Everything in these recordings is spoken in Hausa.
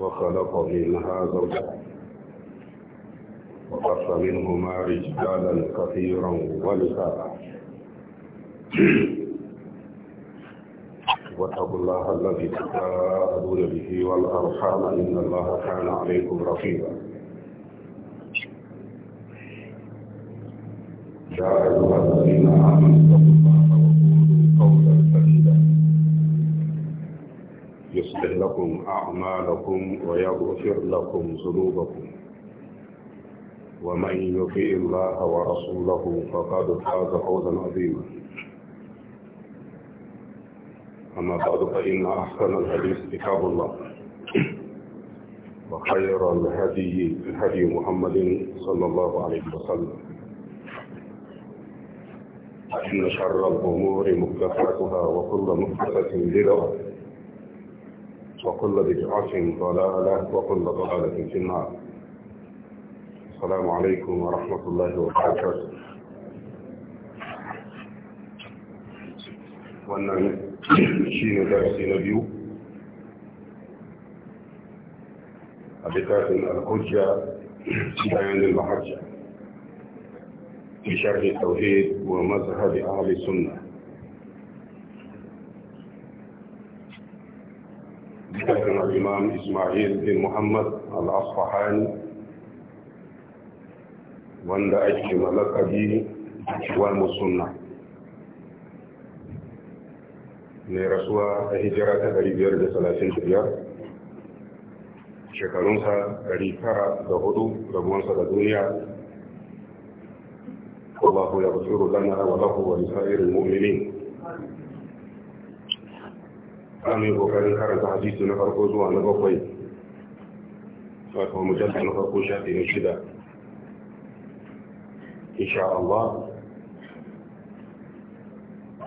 وخلق منها زوجها وقص منهما رجالا كثيرا ونساء واتقوا الله الذي تساءلون به والارحام ان الله كان عليكم رقيبا يا ايها الذين امنوا يصلح لكم أعمالكم ويغفر لكم ذنوبكم ومن يطيع الله ورسوله فقد فاز فوزا عظيما أما بعد فإن أحسن الحديث كتاب الله وخير الهدي هدي محمد صلى الله عليه وسلم فإن شر الأمور مكتفاتها وكل مكتفة بدعة وكل بدعة ضلالة وكل ضلالة في النار السلام عليكم ورحمة الله وبركاته وانا shi درسي نبيو na biyu في بيان المحجة في شرح التوحيد ومذهب أهل السنة الإمام إسماعيل بن محمد الأصفهاني وند أجل لقبي والمسنة لرسوى هجرة تقريبية لثلاثين شهر shekarunsa 904 rabuwansa da duniya Allah ya basuru lana wa lahu wa lisa'iril mu'minin za mu yi kokarin karanta hadisi na farko zuwa na bakwai wato mujallar na farko sha na shida insha Allah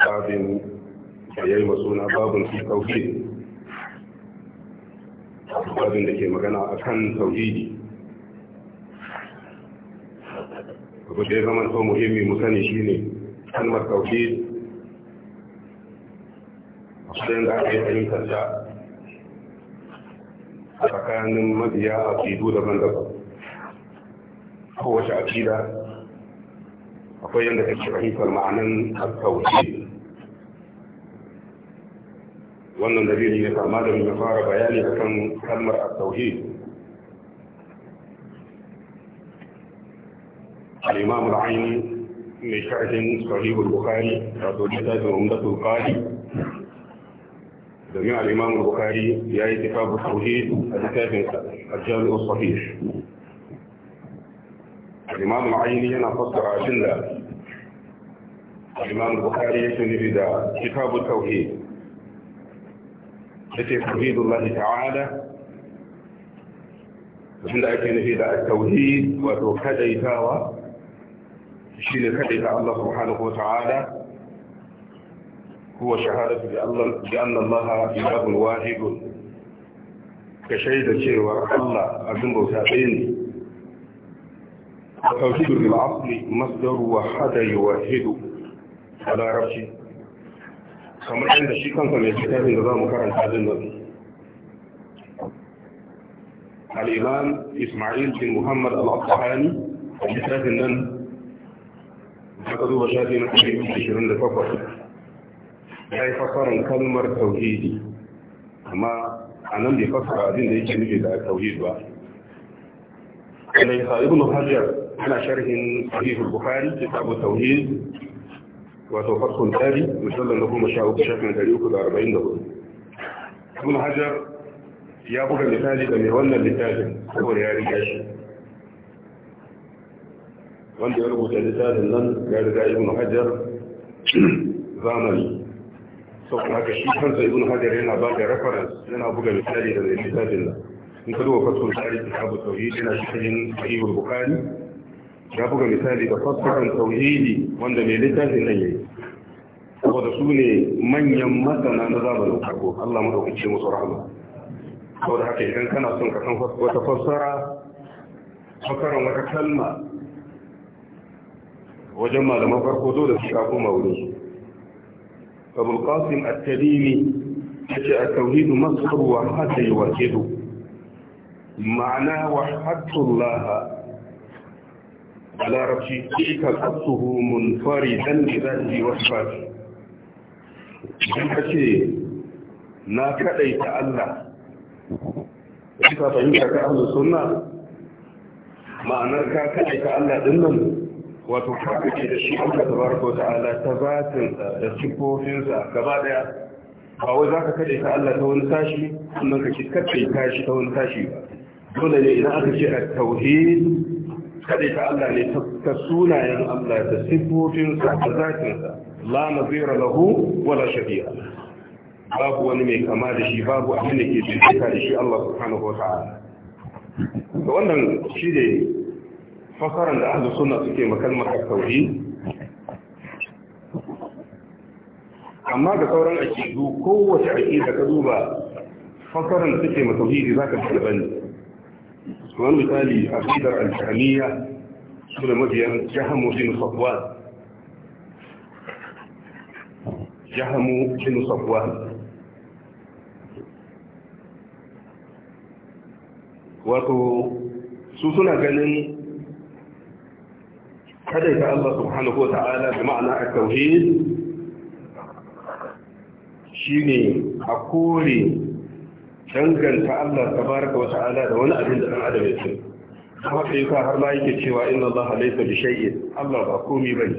babin da ya yi masuna babin su tauhid babin da ke magana a kan tauhidi abu da ya zama to muhimmi mu sani shi ne, kalmar tauhid sai da aka yi fahimtarsa a tsakanin mabiya a kidu daban-daban kowace akida akwai yadda take fahimtar ma'anan alkawci wannan dalili ne kama da ya fara bayani akan kalmar alkawci الإمام العيني من شرح صحيح البخاري رضي الله عنه عمدة القاري جميع الإمام البخاري في آية كتاب التوحيد الكافي الجامع الصحيح. الإمام العيني هنا على أجلة. الإمام البخاري يسمي بدا كتاب التوحيد. التي توحيد الله تعالى وشن دعيك نفيد التوحيد وتوحيد وتوكد إتاوى شين الله سبحانه وتعالى هو شهادة بأن الله إله واحد كشهيدة شيء الله أعزم بوسائل فتوجد للعقل مصدر وحدة يوحد على عرفه كما عند الشيء كان كان يتكاد نظام كرن هذا الإمام إسماعيل بن محمد الأطحاني في كتاب النن فقدوا بشهادة نحن في 20 لفقر ya yi fasarar kalmar tauhidi amma a nan bai fasara abin da yake nufi da tauhid ba alaisa ibn hajar ana sharhin sahihul bukhari kitabu tauhid wato fatkun tsari musallar na kuma sha uku shafin dari uku da arba'in da hudu ibn hajar ya buga misali da mai wannan littafin saboda ya riga shi wanda ya rubuta littafin nan ya riga ibn hajar zamani sau haka shi kansa ibn hajar yana ba da reference yana buga misali da littafin nan in ka duba fasul tsari kitabu tauhid yana cikin sahih bukhari ya buga misali da fassarar tauhidi wanda mai littafin nan yayi saboda su ne manyan masana na zamanin farko Allah madaukake musu rahama saboda haka idan kana son ka san wata fassara fassarar wata kalma wajen malaman farko dole su ka koma wurin su abul qasim at-tarimi yace at-tauhid masdar wa hada yuwahidu ma'ana wa hatullah balarabci ika qasuhu munfaridan bi wasu wa sifati idan ce na kaɗai ta Allah Ya kika fahimta ka ahlus suna. ma'anar ka kaɗai ta Allah din nan? wato kake da shi Allah tabaraka wa ta'ala ta zatin da sifofin sa gaba daya ba wai ka kaɗe ta Allah ta wani tashi? sannan ka kikace ta shi ta wani tashi ba dole ne idan aka ce a tauhid kade ta Allah ne ta sunayen Allah da sifofin sa da zatin sa la nazira lahu wala shafi'a babu wani mai kama da shi babu abin da ke bincika da shi Allah subhanahu wa ta'ala wannan shi ne fasaran da ahlus sunna suke kalmar tauhid amma da sauran aqidu kowace aqida ka duba fasaran suke ma tauhidi zaka fi daban wani misali aqidar al jahmiya sura da mabiyan jahmu bin safwan jahmu bin safwan wato su suna ganin kada ka Allah subhanahu wata'ala da ma'ana a tauhid shine a kore danganta Allah tabaraka wa ta'ala da wani abin da dan adam ya ce haka ka har ma yake cewa inna Allah laysa bi shay'in Allah ba komai bane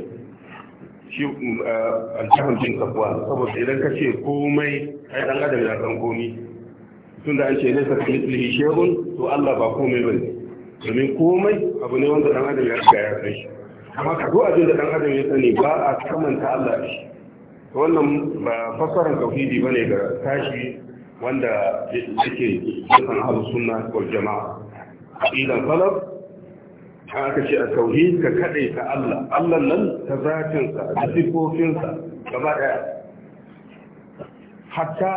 shi eh, alhafin jin kafwa saboda idan ka ce komai ai dan adam ya san komai tunda an ce laysa bi mithlihi shay'un to Allah ba komai bane domin komai abu ne wanda dan adam ya riga ya san shi amma ka duk abin da dan adam ya sani ba a kamanta Allah shi to wannan ba fasaran tauhidi bane ga tashi wanda yake cikin ahlus sunna wal jamaa aqidan salaf haka ce a tauhid ka kadai ta Allah Allah nan ta zatin sa da sifofin sa gaba daya hatta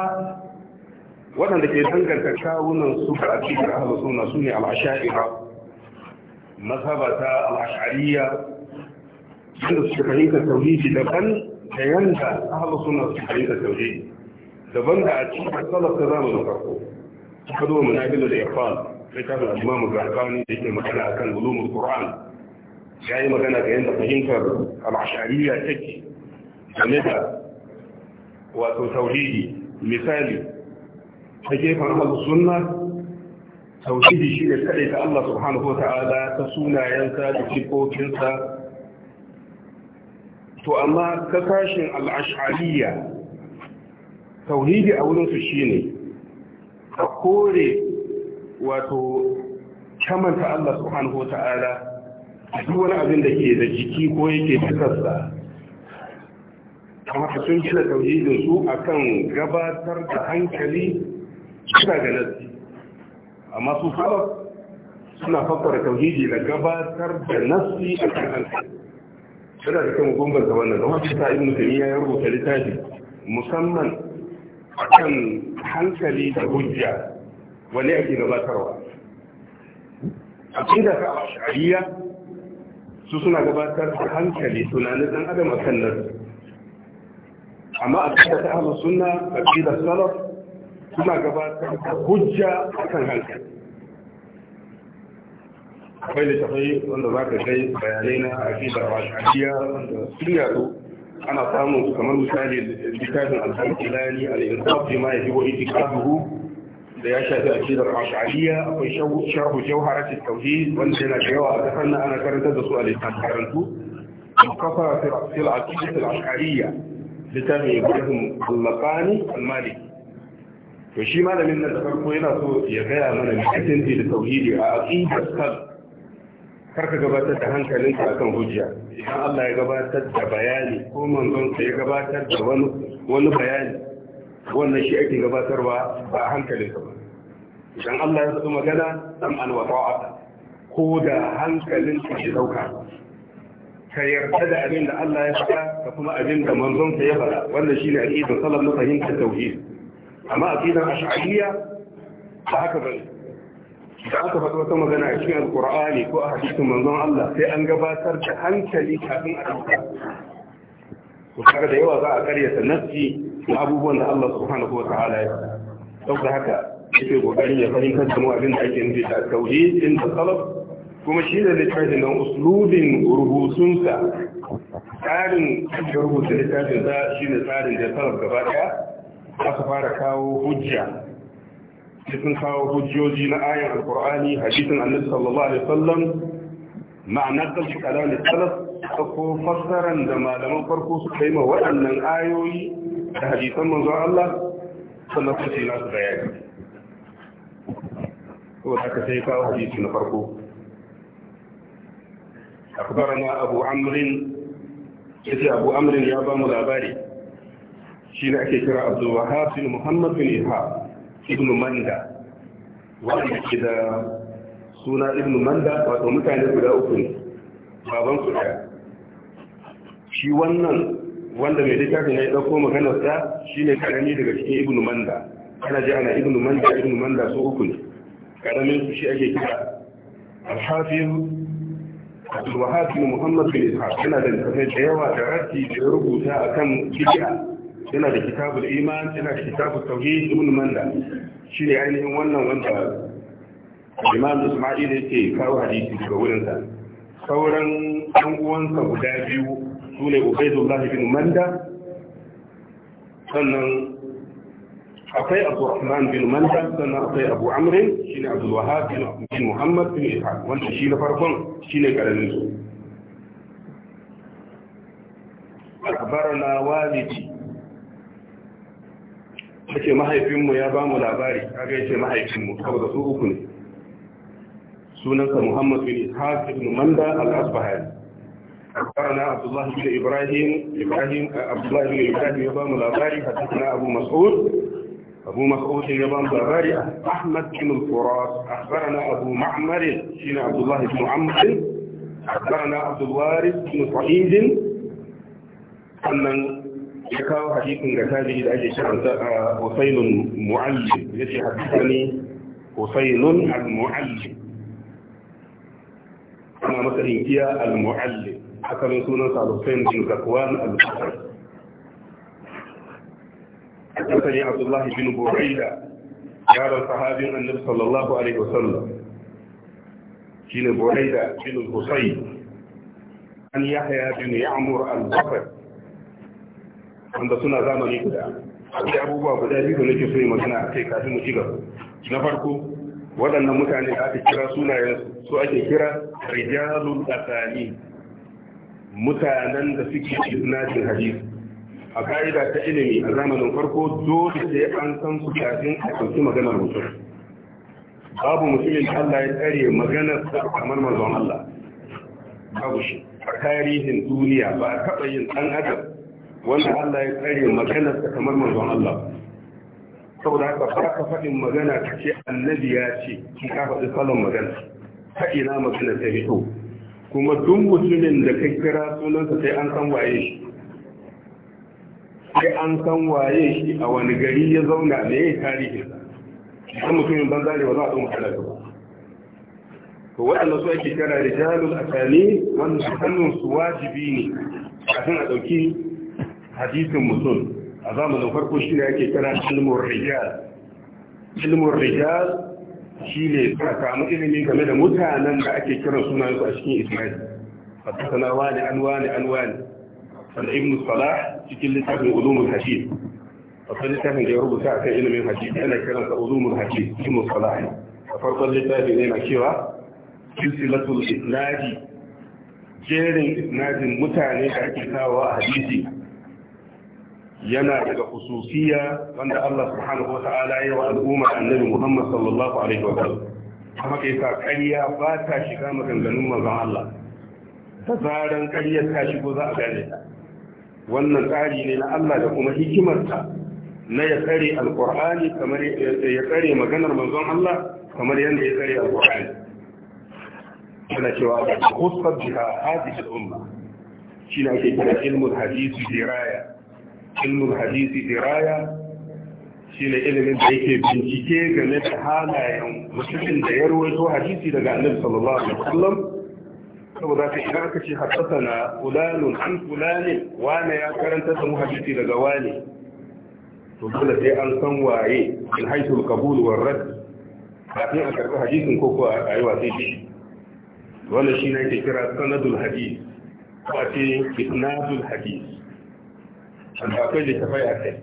waɗanda ke danganta kawunan su ga aqidan ahlus sunna sune al-ash'ariyya mazhabata al-ash'ariyya yadda suka fahimta tauhidi daban da yanda ahlus sunna suka fahimta tauhidi daban da a cikin salaf ta zamanin farko suka zo munabilu da iqbal sai ta ga imamu zakani da magana akan ulumul qur'an ya yi magana ga yanda fahimtar al-ash'ariyya take game da wato misali ta gefen ahlus sunna tauhidi shi ne ta Allah subhanahu ta sunayensa da to amma ta sashin al'ashariya tauhidi a wurinsu shi ne a kore wato kamanta Allah subhanahu wa ta'ala a duk wani abin da ke da jiki ko yake cikarsa kamar sun gina tauhidinsu a kan gabatar da hankali suka ga nazi amma su suna fassara tauhidi da gabatar da nasi a kan hankali suna da kan bambanta wannan da wasu ta ibn taymiya ya rubuta littafi musamman akan hankali da hujja wani ake gabatarwa abinda ka ashariya su suna gabatar da hankali tunanin dan adam a kan nan amma a cikin ta ahlus sunna aqidar salaf suna gabatar da hujja akan hankali akwai littafai wanda za ka kai bayanai na aƙidar ashariya wanda sun yato ana samun su kamar misali littafin alhamdulilani al'insaf bi ma ya fi wa itikaduhu da ya shafi aƙidar ashariya akwai shahu jawharatul tauhid wanda yana da yawa a kasar nan ana karantar da su a littafin karantu kafa fil aqidatul ashariya littafin ibrahim al-laqani al-maliki to shi malamin nan da farko yana so ya gaya mana mutunci da tauhidi a aqidar sallah karka gabatar da hankalinka akan hujja idan Allah ya gabatar da bayani ko manzon sai ya gabatar da wani wani bayani wannan shi ake gabatarwa ba hankalin ka ba idan Allah ya faɗi magana dan an wata'a ko da hankalin ka shi dauka ka yarda da abin da Allah ya faɗa ka kuma abin da manzon ka ya faɗa wannan shine aqidar salaf na fahimtar tauhid amma aqidar ash'ariyya ba haka bane da aka faɗi wata magana a cikin alkur'ani ko a hadisin manzon Allah sai an gabatar da hankali kafin a ɗauka da yawa za a karyata nassi na abubuwan da Allah subhanahu wa ta'ala ya da haka yake kokarin ya fahimtar da mu abin da ake nufi da tauhid da salaf kuma shi da littafin nan uslubin rubutunsa tsarin da rubuta littafin shi ne tsarin da salaf gaba ɗaya aka fara kawo hujja sai sun kawo hujjoji na ayan alkur'ani hadisin annabi sallallahu alaihi wasallam ma'anar kalshi kalam da salaf ko fassaran da malaman farko su yi ma waɗannan ayoyi da hadisan manzon Allah sannan su ce na su bayani ko haka sai kawo hadisi na farko أخبرنا أبو عمرو yace abu amrin ya ba mu labari shi ne ake kira abdulwahab bin muhammad bin ibn manda wanda ke da suna ibn manda wato mutane guda uku ne baban su ɗaya shi wannan wanda mai littafin ya ɗauko maganar sa shi ne karami daga cikin ibn manda ana ji ana ibn manda ibn manda su uku ne karamin su shi ake kira alhafiz abdulwahab bin muhammad bin ishaq yana da littafai da yawa da rafi da rubuta akan bid'a yana da kitabul iman yana da kitabul tauhid ibn manda shi ne ainihin wannan wanda imam isma'il yake kawo hadisi daga wurin sa sauran ɗan uwansa guda biyu su ne ubaidullahi bin manda sannan akwai abu rahman bin manda sannan akwai abu amrin shi ne abu wahab bin muhammad bin ishaq wanda shi na farkon shi ne karamin su أخبرنا والدي Ace mahaifinmu ya ba mu labari kaga ce mahaifinmu saboda su uku ne sunansa muhammadu ne haka ibn manda al-asbahar karana abdullahi bin ibrahim ibrahim eh, abdullahi bin ibrahim ya ba mu labari hadithna abu mas'ud abu mas'ud ya ba mu labari ahmad bin al-furat akhbarana abu ma'mar shine abdullahi bin muhammad akhbarana abdul warith bin sa'id يكاو حديث كتابه لأجل شرط وصيل معلم يجي حديثني وصيل المعلم أنا مثلا إنتيا المعلم حتى من سنة الحسين بن ذكوان البحر حدثني عبد الله بن بريدة قال الصحابي النبي صلى الله عليه وسلم بن بريدة بن الحصين أن يحيى بن يعمر البحر wanda suna zamani guda akwai abubuwa guda biyu da nake so yi magana a kai kafin mu ci na farko waɗannan mutane da aka kira sunayen su ake kira rijalul asali mutanen da suke isnadin hadisi a ka'ida ta ilimi a zamanin farko dole sai an san su kafin a ɗauki maganar mutum babu mutumin Allah ya tsare maganar sa kamar mazon Allah babu shi a tarihin duniya ba a taɓa yin ɗan adam wanda Allah ya tsare maganarsa kamar manzon Allah saboda haka ba ka faɗin magana ka ce annabi ya ce ki ka faɗi salon magana ka ina magana ta fito kuma duk mutumin da ka kira sunansa sai an san waye shi sai an san waye shi a wani gari ya zauna me ya tarihi sa mutumin banza ne ba za a ɗan kala ba to waɗanda su ake kira rijalul asali wanda hannun su wajibi ne kafin a ɗauki hadisin mutum a zamanin farko shi ne ake kira ilmin rijal ilmin rijal shi ne suka samu ilimi game da mutanen da ake kira sunansu a cikin ismail A fattasana wani an wani an wani wanda ibn salah cikin littafin ulumul A akwai littafin da ya rubuta a kan ilimin hadith yana sa ulumul hadith ibn salah a farkon littafin yana cewa silsilatul isnadi jerin isnadin mutane da ake kawo a hadisi yana daga hususiya wanda Allah subhanahu wata'ala ya wa al'umma annabi Muhammad sallallahu alaihi wa sallam kuma kai sa ƙarya ba ta shiga maganganun manzon Allah ta zaran ƙarya ta shigo za a gane wannan tsari ne na Allah da kuma hikimarsa na ya tsare alqur'ani kamar ya tsare maganar manzon Allah kamar yadda ya tsare alqur'ani Kana cewa khusfat biha hadhihi al-umma shi ne ake kira ilmul hadisi diraya ilmul hadisi diraya shine ilimin da yake bincike game da halayen mutumin da ya ruwaito hadisi daga annabi sallallahu alaihi wasallam saboda ka idan aka ce haddathana fulanun an fulanin wane ya karanta da mu hadisi daga wane to dole sai an san waye in haisul qabul war rad kafin a karɓi hadisin ko kuwa a yi wasai shi wannan shine yake kira sanadul hadis ko a ce isnadul hadis akwai littafai a kai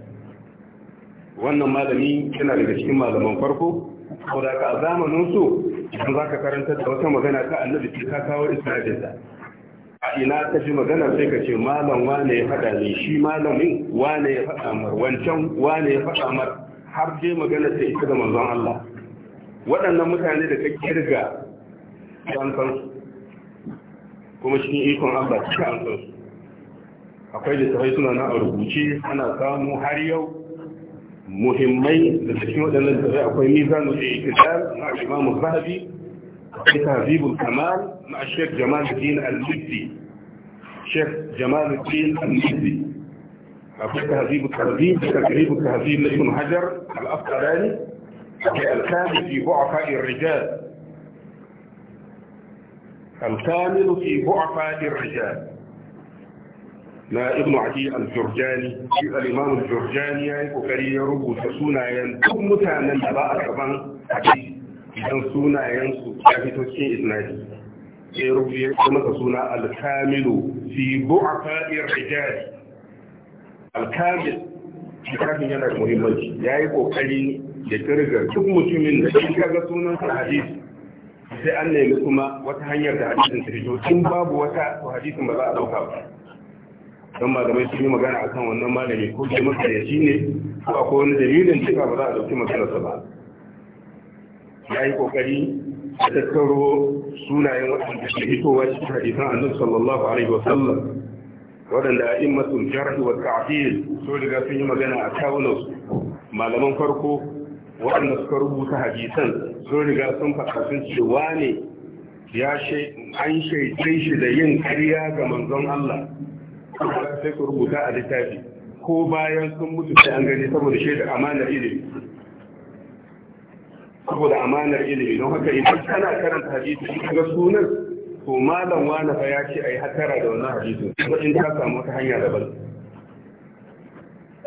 wannan malami yana daga cikin malaman farko da ka a zamanin su idan za ka karanta da wata magana ta annabi ce ka kawo isnadinsa a ina ta ji magana sai ka ce malam wane ya faɗa ne shi malamin wane ya faɗa mar wancan wane ya faɗa mar har je magana ta ita da manzon Allah waɗannan mutane da ka kirga an san su kuma cikin ikon Allah cikin an san su akwai da tafai suna na rubuce ana samu har yau muhimmai da cikin waɗannan littafai akwai mizanu da ikidar na imamu zahabi akwai tahzibul kamal na shek jamal din al mizzi shek jamal din al-libbi akwai tahzibul tarzib da takribul tahzib na ibn hajar al afkarani akwai al-kamil fi bu'afa'ir rijal الكامل في ضعفاء الرجال na ibnu aki al-jurjani shi al-imam al-jurjani yayi kokari ya rubuta sunayen duk mutanen da ba a gaban aji idan sunayen su ya fito cikin isnadi ya rubuta masa suna al-kamilu fi bu'afa'ir rijal al-kamil kitabin yana da muhimmanci yayi kokari ya kirga duk mutumin da shi kaga sunan sa hadisi sai an nemi kuma wata hanyar da hadisin ta fito babu wata hadisin ba za a dauka ba don malamai sun yi magana a kan wannan malami ko ke masa ya shi ne ko akwai wani dalilin cewa ba za a ɗauki maganarsa ba ya yi ƙoƙari a tattaro sunayen waɗanda ke fitowa cikin hadisan annabi sallallahu alaihi wa sallam, waɗanda a immatul jarh wa ta'dil so daga sun yi magana a kawunan malaman farko waɗanda suka rubuta hadisan so riga sun faɗa sun ce wane ya an shaidai shi da yin ƙarya ga manzon Allah sai ku rubuta a littafi ko bayan sun mutu sai an gani saboda shaida amanar ilimi saboda amanar ilimi don haka idan kana karanta hadisi in ga sunan to malam wani fa ya ce ai hatara da wannan hadisi kuma in ka samu wata hanya daban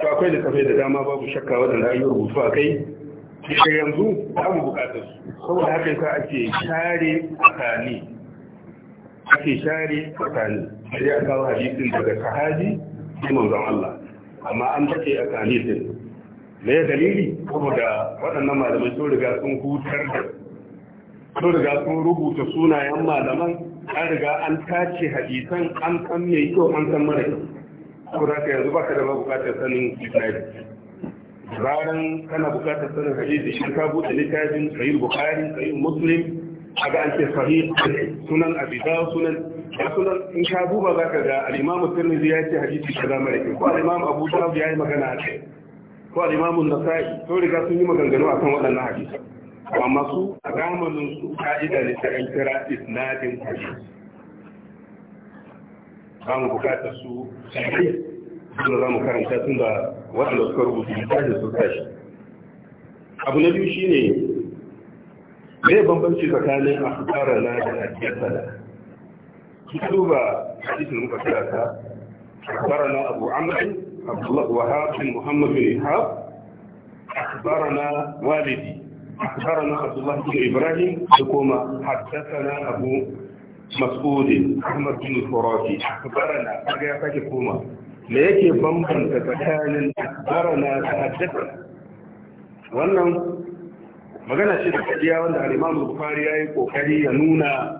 to akwai da kafai da dama babu shakka wadanda an yi rubutu a kai da yanzu babu bukatar su saboda hakan ka ake kare tsakani ake share tsakani sai ya kawo hadisin daga sahabi sai manzon Allah amma an take a hadisin me dalili saboda waɗannan malaman sun riga sun hutar da sun riga sun rubuta sunayen malaman an riga an tace hadisan an san mai kyau an san mara kyau saboda ka yanzu ba ka da bukatar sanin isnadi ranar kana bukatar sanin hadisi shi ka buɗe littafin sahih bukhari sahih muslim kaga an ce sahih sunan abi da sunan ya sunan in ka duba zaka ga al-imam tirmidhi ya ce hadisi ta mara kyau ko al-imam abu dawud ya yi magana a kai ko al-imam an-nasa'i to riga sun yi maganganu akan waɗannan hadisi amma su a zamanin su ka'ida ne ta an kira isnadin hadisi ba mu bukata su sahih kuma za mu karanta tun da waɗanda suka rubuta littafin su tashi abu na biyu shine ne bambanci tsakanin a tsara na da ajiyar su su a cikin muka shi abu amurin abu wa haɗin muhammadin haf a tsara walidi a abdullahi ibrahim da kuma haddasa na abu masudi ahmad bin furafi a tsara na daga ya sake koma me yake bambanta tsakanin tsara na da haddasa wannan magana ce da kadiya wanda al'imamu bukari ya yi kokari ya nuna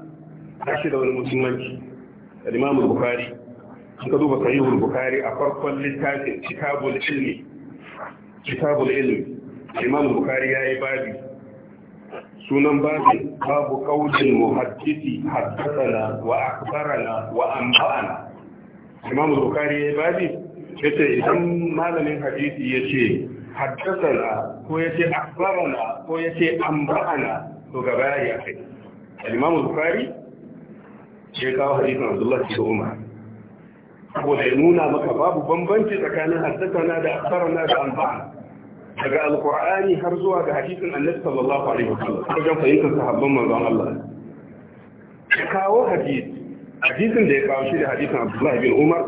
kashi da wani musulmanci al'imamu bukari Bukhari ka duba sahih al-Bukhari a farkon littafin Kitabul Ilmi Kitabul Ilmi al'imamu bukari ya yi babi sunan babin babu kaulin muhaddisi haddasana wa akhbarana wa al'imamu bukari Bukhari yi babi ce idan malamin hadisi ya ce. haddasana ko ya ce akbarana ko ya ce amba'ana to gaba ya kai al'imamu imamu bukari ya kawo hadisin abdullah bin umar ko ya nuna maka babu bambanci tsakanin haddasana da akbarana da amba'ana daga alqur'ani har zuwa ga hadisin annabi sallallahu alaihi wasallam wajen fahimtar sahabban manzon Allah ya kawo hadisi hadisin da ya kawo shi da hadisin abdullah bin umar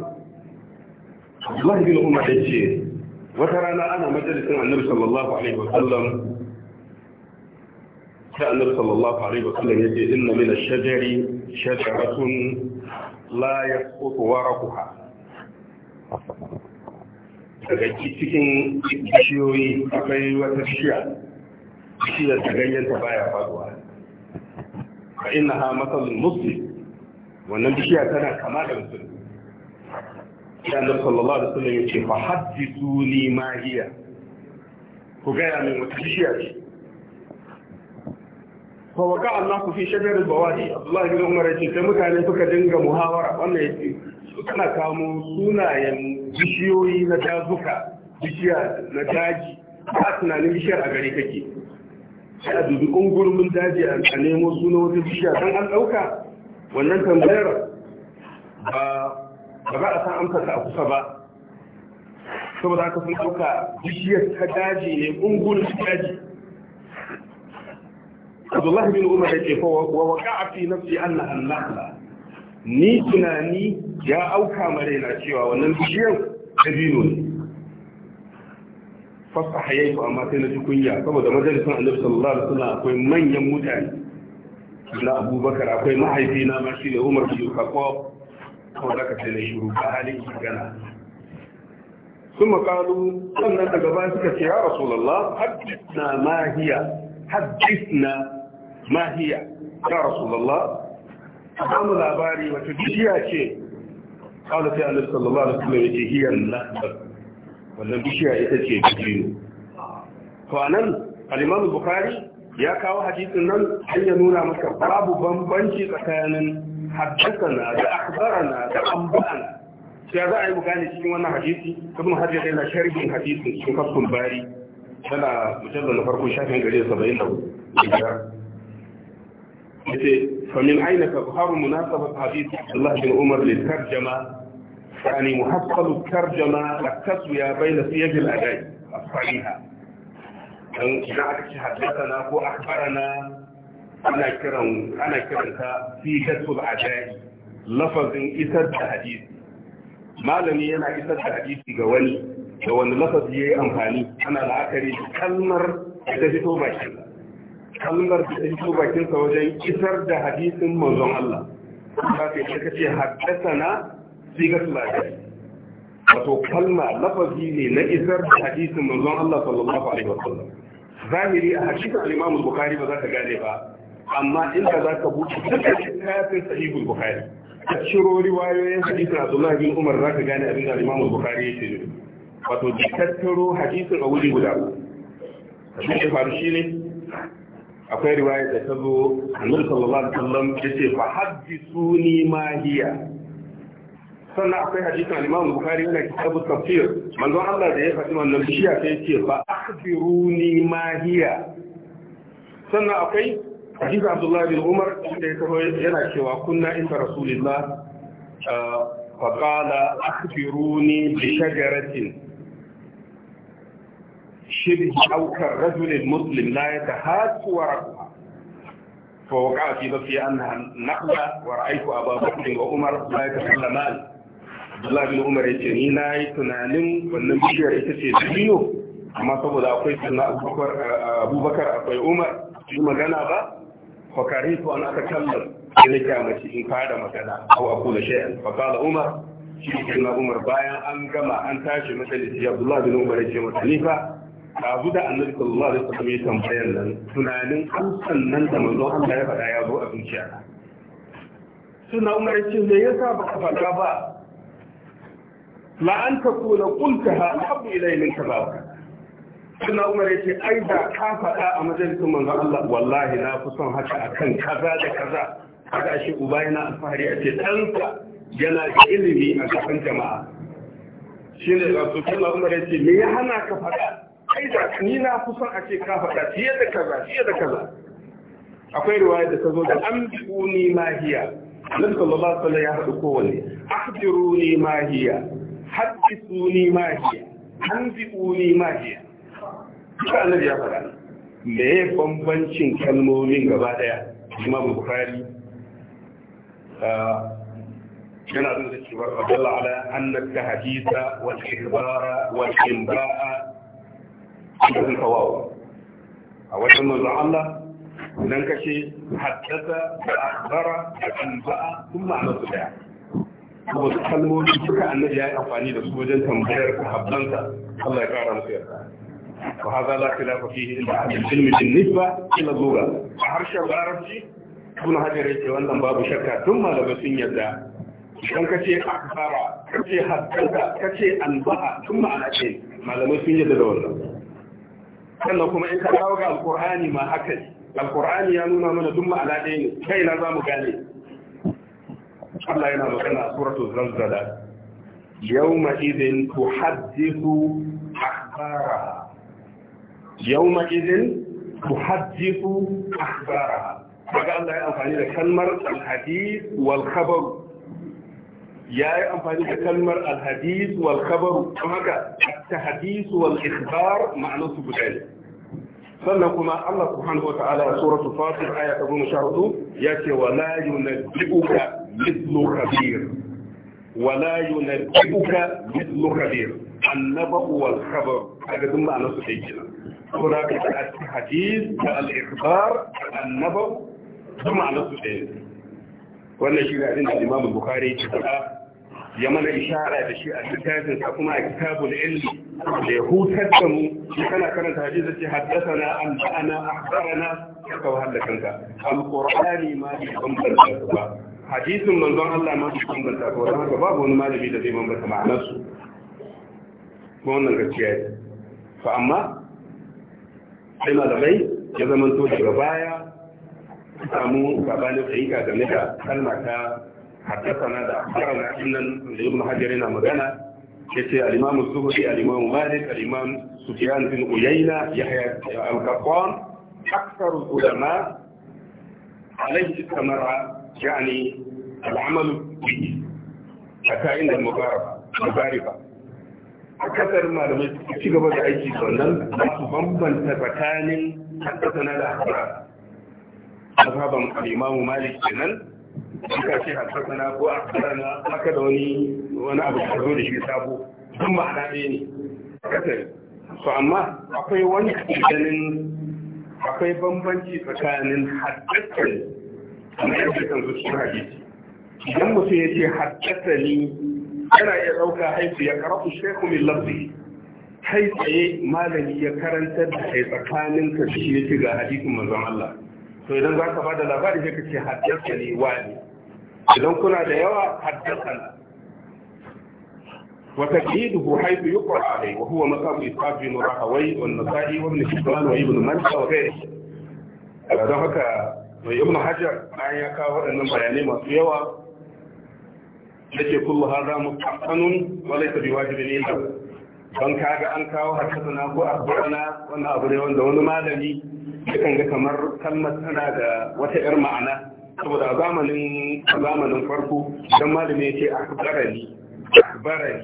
abdullah bin umar ya ce wata rana ana majalisin annabi sallallahu alaihi wasallam sai annabi sallallahu alaihi wasallam yace inna min ash-shajari shajaratun la yasqutu waraquha daga cikin bishiyoyi akwai wata bishiya bishiyar ta ganyenta baya faduwa fa innaha masalul muslim wannan bishiya tana kama da musulmi ya annabi sallallahu alaihi wasallam yace fa haddithuni ma hiya ku gaya min wata bishiya ce fa waka Allah ku fi shajar bawadi Abdullahi bin Umar yace sai mutane suka dinga muhawara wannan yace kana kamo sunayen bishiyoyi na dazuka bishiya na daji ba tunanin bishiyar a gari kake sai a dubi ungurumin daji a nemo suna wata bishiya don an ɗauka wannan tambayar ba ba za a san amsar a kusa ba saboda haka sun ɗauka bishiyar ta daji ne ungurin daji abdullahi bin umar yake ce fa wa waka a fi nafsi anna annahla ni tunani ya auka mare na cewa wannan bishiyar dabino ne fasa hayaitu amma sai na ji kunya saboda majalisun annabi sallallahu alaihi wasallam akwai manyan mutane na abubakar akwai mahaifina ma shi da umar bin khattab kawai zaka sai na shiru ba halin gana sun makalu sannan daga bayan suka ce ya rasulallah haddisna mahiya haddisna mahiya ya rasulallah ba mu labari wata bishiya ce kawai sai alaihi sallallahu alaihi wasallam yake hiyar lahbar wannan bishiya ita ce bijiyo to anan al-imam bukhari ya kawo hadisin nan an ya nuna maka babu bambanci tsakanin haddasana da akbarana da amba'ana sai za a yi gane cikin wannan hadisi ibn hajar yana sharhin hadisin cikin kafin bari tana mujallar na farko shafin gare saba'in da yace famin aina ka buharu munasabat hadith Abdullah bin Umar lil tarjama yani muhaqqal tarjama la taswiya bayna siyaj al adai as-sahiha dan idan aka ce haddathana ko akhbarana ana kiran ana kiranta sigatul ajai lafazin isar da hadisi malami yana isar da hadisi ga wani da wani lafazi yayi amfani ana la'akari da kalmar da ta fito bakin kalmar da ta fito bakin sa wajen isar da hadisin manzon Allah ba sai ka ce haddathana sigatul ajai wato kalma lafazi ne na isar da hadisin manzon Allah sallallahu alaihi wasallam zahiri a hadisin al-Imam Bukhari ba za ka gane ba amma inda za ka buɗe ya kafin sahihul bukhari a ciro riwayoyin hadisin abdullahi bin umar za ka gane abin da imam bukhari ya ce wato da tattaro hadisin a wuri guda abin da faru shi ne akwai riwaya da ta zo annabi sallallahu alaihi wasallam ya ce fa haddisuni ma hiya sannan akwai hadisin al-Imam Bukhari yana kitabu tafsir manzon Allah da ya faɗi wannan shi sai ya ce fa akhbiruni ma hiya sannan akwai hadisi abdullahi bin umar da ya taho yana cewa kunna inda rasulillah eh, faƙala akhbiruni bi shajaratin shibhi aukar rajulin muslim la ya tahatu wa rakuha fa waqa fi bafi annaha naqla wa ra'aytu aba bakr wa umar la yatakallaman abdullahi bin umar yace ni nayi tunanin wannan bishiyar ita ce dabino amma saboda akwai sunna abubakar eh, akwai umar yi magana ba فكرهت أن أتكلم إذا كانت إن كان مثلا أو أقول شيئا فقال عمر شيخنا عمر بايا أن كما أن تاشي مثل عبد الله بن عمر يجي خليفة لابد أن النبي صلى الله عليه وسلم يتنبين لنا تنانين أمسا ننت من الله لا يفعل يا أبو أبن شعر سنة عمر يجي ليسا بقفا لا أن تكون قلتها أحب إلي من كبابك Suna Umar ya ce, ai da ka faɗa a majalisun manzo Allah, wallahi na fi son haka a kan kaza da kaza. Haka shi uba yana alfahari a ce ɗansa yana da ilimi a gaban jama'a. Shi ne da su Suna Umar ya ce, me ya hana ka faɗa? Ai da ni na fi son a ce ka faɗa fiye da kaza, fiye da kaza. Akwai riwaya da ta zo da an ni mahiya. Annabi sallallahu alaihi wasallam ya haɗu kowanne. Akhbiruni mahiya. Haddithuni mahiya. uni mahiya. duka annabi ya faɗa me ya bambancin kalmomin gaba daya imam bukhari ah, yana da da cewa abdullah ala anna tahdisa wal ikhbara wal imba'a cikin fawawa a wajen manzo Allah nan kace haddasa da akhbara da anba'a kun a su daya kuma kalmomin duka annabi ya yi amfani da su wajen tambayar sahabbansa Allah ya kara musu yarda وهذا لا خلاف فيه إلا أهل العلم بالنسبة إلى اللغة فحرش العربي ابن حجر يقول وأن باب شكا ثم لبسين يدا idan ka ce akbara ka ce haddanta ka ce anba'a tun ma'ana ce malamai sun yadda da wannan sannan kuma in ka dawo ga alkur'ani ma haka ne alkur'ani ya nuna mana duk ma'ana ɗaya ne kai na za mu gane Allah yana magana a suratu zalzala yawma idin tuhaddisu يومئذ تحدث أخبارها فقال الله أنفعني لكلمر الحديث والخبر يا أنفعني لكلمر الحديث والخبر كما التحديث والإخبار معنى سبتين فلنقوم الله سبحانه وتعالى سورة فاطر آية أبو مشارطه يأتي ولا ينبئك مثل خبير ولا ينبئك مثل خبير النبأ والخبر هذا ثم معنى سبحانه saboda ka da cikin hadis da al da annaba da ma'anar su ɗaya wannan shi ne abin da Imam Bukhari ya faɗa ya mana ishara da shi a littafin sa kuma a kitabul ilmi da ya hutar da mu shi kana karanta hadisi ce haddasana an ba'ana akhbarana ka wahala kanka alqur'ani ma bi bambanta ba hadisin manzon Allah ma bi bambanta ba dan haka babu wani malami da zai bambanta ma'anar su ko wannan gaskiya ne fa amma da malamai ya zama to daga baya samu gabanin fahimta game da kalma ta haddasana da karana sunan da ibn hajar yana magana ya ce al-imam az zuhri al-imam malik al-imam sufyan bin uyayna yahya al-qattan akthar ulama alayhi istamara yani al-amal hatta inda al-mubaraka kasar malamai su ci gaba da aiki sannan su bambanta tsakanin haddasana da a mazhaban al'imamu malik kenan suka ce haddasana ko na? haka da wani wani abu da zo da shi sabo sun ma'ana ɗaya ne A kasar su amma akwai wani ganin akwai bambanci tsakanin a mayar da kan zuci hajji idan mutum ya ce ne yana iya ɗauka haifu ya karatu shekhu min lafi kai tsaye malami ya karanta da kai tsakanin ka shi ne ga hadisin manzon Allah to idan za ka ba da labari sai ka ce haddasa ne wani idan kuna da yawa haddasa ne wata kidu ko haifu yi kwa alai wa huwa maka mu isafi nura hawaii wa nasa'i wani mini shiklan wa ibn manta wa gai a ga don haka mai ibn hajjar bayan ya kawo waɗannan bayanai masu yawa yake kullu hadha mustaqanun wa laysa biwajibin illa don kaga an kawo hadisana ko akhbarana wannan abu ne wanda wani malami yakan ga kamar kalmar tana da wata yar ma'ana saboda a zamanin zamanin farko idan malami yake akbarani akbarani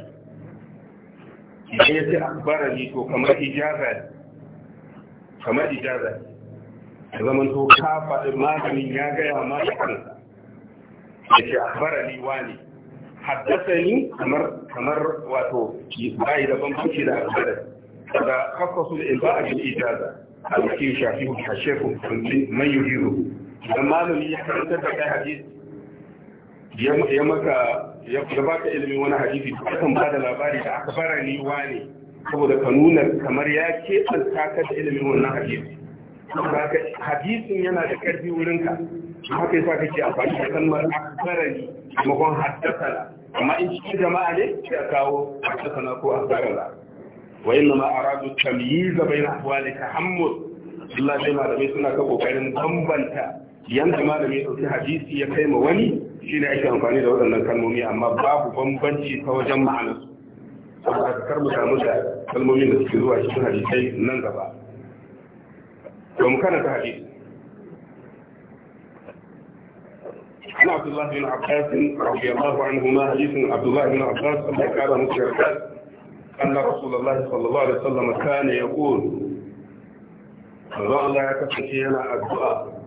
idan yace akbarani to kamar ijaza kamar ijaza ya zama to ka faɗi malamin ya gaya ma da kansa yake akbarani wani haddasani kamar kamar wato bai da fushi da al Da daga kafasu da ilba'a bil ijaza al-hakim shafi hashefu man yuhiru idan malami ya karanta da kai hadisi ya maka ya baka ilimin wani hadisi to kan bada labari da aka fara ni wane saboda ka nuna kamar ya ke tsaka da ilimin wannan hadisi saboda hadisin yana da karfi wurinka haka yasa kake amfani da kalmar akbarani maimakon haddasana amma in cikin jama'a ne ya kawo haddasana ko akbarana wa inna ma aradu tamyiz baina ahwali tahammul Allah dai malamai suna ka kokarin bambanta yanda malamai dauki hadisi ya kai ma wani shine ake amfani da waɗannan kalmomi amma babu bambanci ta wajen ma'anarsu saboda kar mu samu da kalmomin da suke zuwa cikin hadisai nan gaba. kana karanta hadisi عن عبد الله بن عباس رضي الله عنهما حديث عبد الله بن عباس أن كان مشركات أن رسول الله صلى الله عليه وسلم كان يقول الله يكفي أنا الدعاء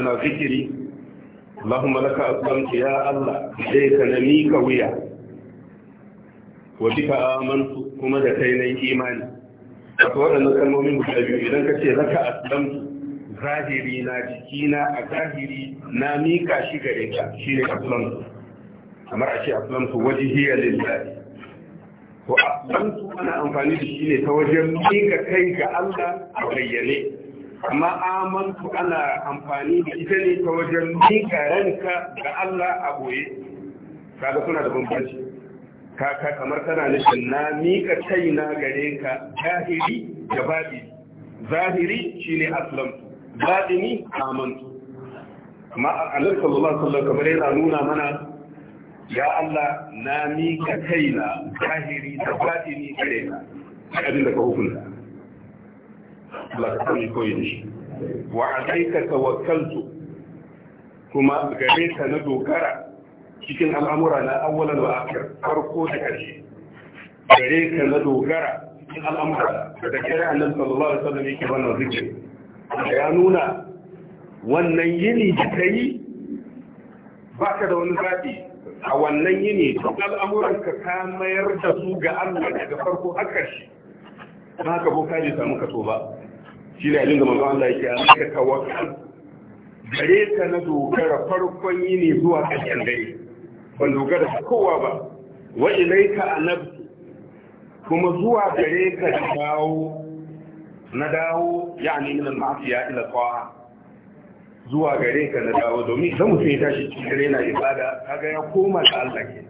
أنا ذكري اللهم لك أسلمت يا الله إليك نميك ويا وبك آمنت كما دكيني إيماني أتوانا نكلم من مشابه إذا كتير لك أسلمت zahiri na jikina a zahiri na mika shi gare shi ne aslamtu kamar a ce aslamtu hiyar lillahi ko aslamtu ana amfani da shi ne ta wajen mika kai ga Allah a bayyane amma amantu ana amfani da ita ne ta wajen mika ranka ga Allah a boye kaga suna da bambanci kaka kamar tana nufin na mika na gare ka zahiri da baɗi zahiri shine aslamtu baɗini amantu amma annabi sallallahu alaihi wasallam kamar yana nuna mana ya Allah na mika kaina zahiri da baɗini gare ka abin da ka hukunta Allah ka sani koyi da shi wa alaika tawakkaltu kuma gare ka na dogara cikin al'amura na awalan wa akir farko da ƙarshe gare ka na dogara cikin al'amura da kare annabi sallallahu alaihi wasallam yake wannan zikiri ya nuna wannan yini da ta yi ba ka da wani zaɓi a wannan yini duk al'amuranka ka mayar da su ga Allah daga farko har ƙarshe ba haka boka ne samu kaso ba shi ne abin da manzo Allah yake an ka tawakkal gare ka na dogara farkon yini zuwa ƙarshen dare ban dogara da kowa ba wa ilaika anabtu kuma zuwa gare ka dawo na dawo ne min mafiya ila kwa zuwa gare ka na dawo domin idan mutum ya tashi cikin gare na ibada ga ya koma ga Allah ke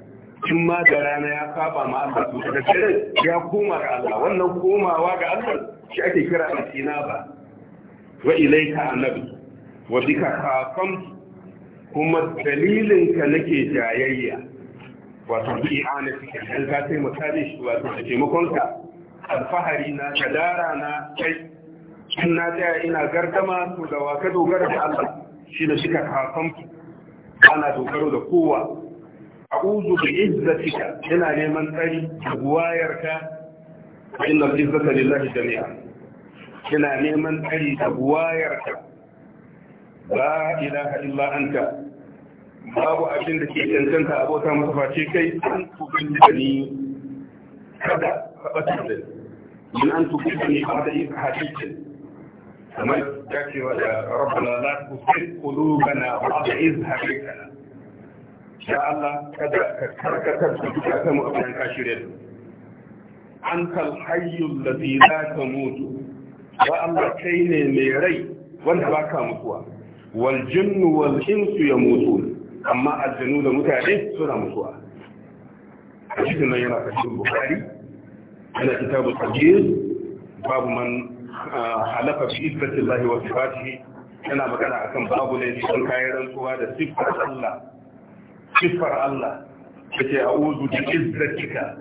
in ma da rana ya saba ma Allah to da dare ya koma ga Allah wannan komawa ga Allah shi ake kira al ba wa ilayka annabi wa bika kafam kuma dalilin ka nake jayayya wato bi'ana cikin halka sai misali shi wato da taimakon ka alfahari na kadara na kai in na tsaya ina gardama to da wa ka dogara da Allah shi da shi ka kafan ana dogaro da kowa a'udhu bi izzatika ina neman tsari da buwayarka inna izzata lillahi jami'a ina neman tsari da buwayarka la ilaha illa anta babu abin da ke cancanta abota masa face kai an tubin da ni kada ka bata da ni in an tuku ka ne kamar da yin ta ce wa da rabbala za sai kudu gana ba da yin hajjin sha Allah ka karkatar su duka ta mu abin shirya su an kal hayyul da bi za ka mutu ba Allah kai ne mai rai wanda ba ka mutuwa wal jinnu ya mutu amma aljanu da mutane suna mutuwa a cikin nan yana kashin bukari yana kitabul qadir babu man halafa bi izzati llahi wa sifatihi yana magana a kan babu ne don kayan rantsuwa da siffar Allah siffar Allah kace a'udhu bi izzatika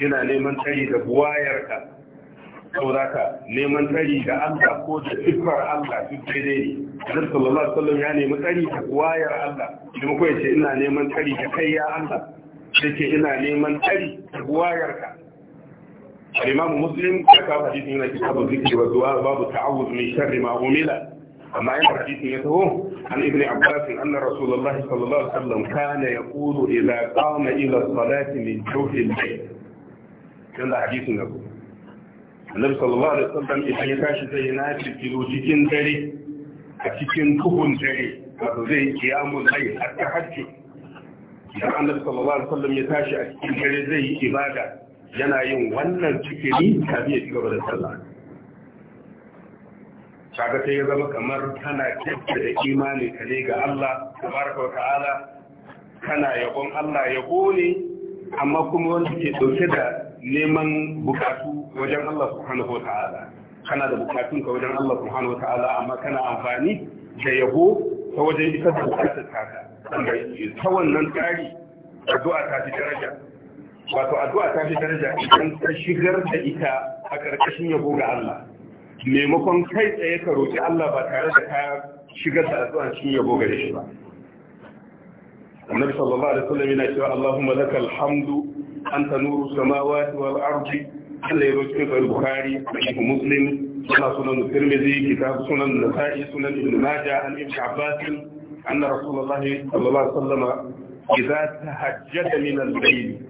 yana neman tsari da buwayarka sauraka neman tsari da Allah ko da siffar Allah duk daidai ne Annabi sallallahu alaihi wasallam ya nemi tsari da buwayar Allah idan ko yace ina neman tsari da kai ya Allah yake ina neman tsari da buwayarka al-imam muslim ya kawo hadisin yana kitabu zikri wa du'a babu ta'awuz min sharri ma umila amma yana hadisin ya taho an ibn abbas anna rasulullah sallallahu alaihi wasallam kana yaqulu idza qama ila salati min jufi al-bayt yana hadisin ya zo annabi sallallahu alaihi wasallam idan ya tashi sai na cikin cikin dare a cikin tuhun dare wato zai kiyamul layl at-tahajjud idan annabi sallallahu alaihi ya tashi a cikin dare zai yi ibada yana yin wannan cikini kafin ya ci gaba da sallah kaga sai ya zama kamar kana kyauta da imani ka ne ga Allah kamar wa ta'ala kana yabon Allah ya ne amma kuma wanda ke dauke da neman bukatu wajen Allah subhanahu wa ta'ala kana da bukatun ka wajen Allah subhanahu wa ta'ala amma kana amfani da yabo ta wajen isar da bukatun ta ta wannan tsari addu'a ta fi daraja wato addu'a ta fi daraja idan ka shigar da ita a ƙarƙashin yabo ga Allah maimakon kai tsaye ka roƙi Allah ba tare da ka shigar da addu'a cikin yabo gare shi ba annabi sallallahu alaihi wasallam yana cewa Allahumma lakal hamdu anta nuru samawati wal ardi Allah ya roƙi ka Bukhari da Muslim yana sunan Tirmidhi kitab sunan Nasa'i sunan Ibn Majah an Ibn Abbas anna Rasulullah sallallahu alaihi wasallam idza tahajjada min al-layl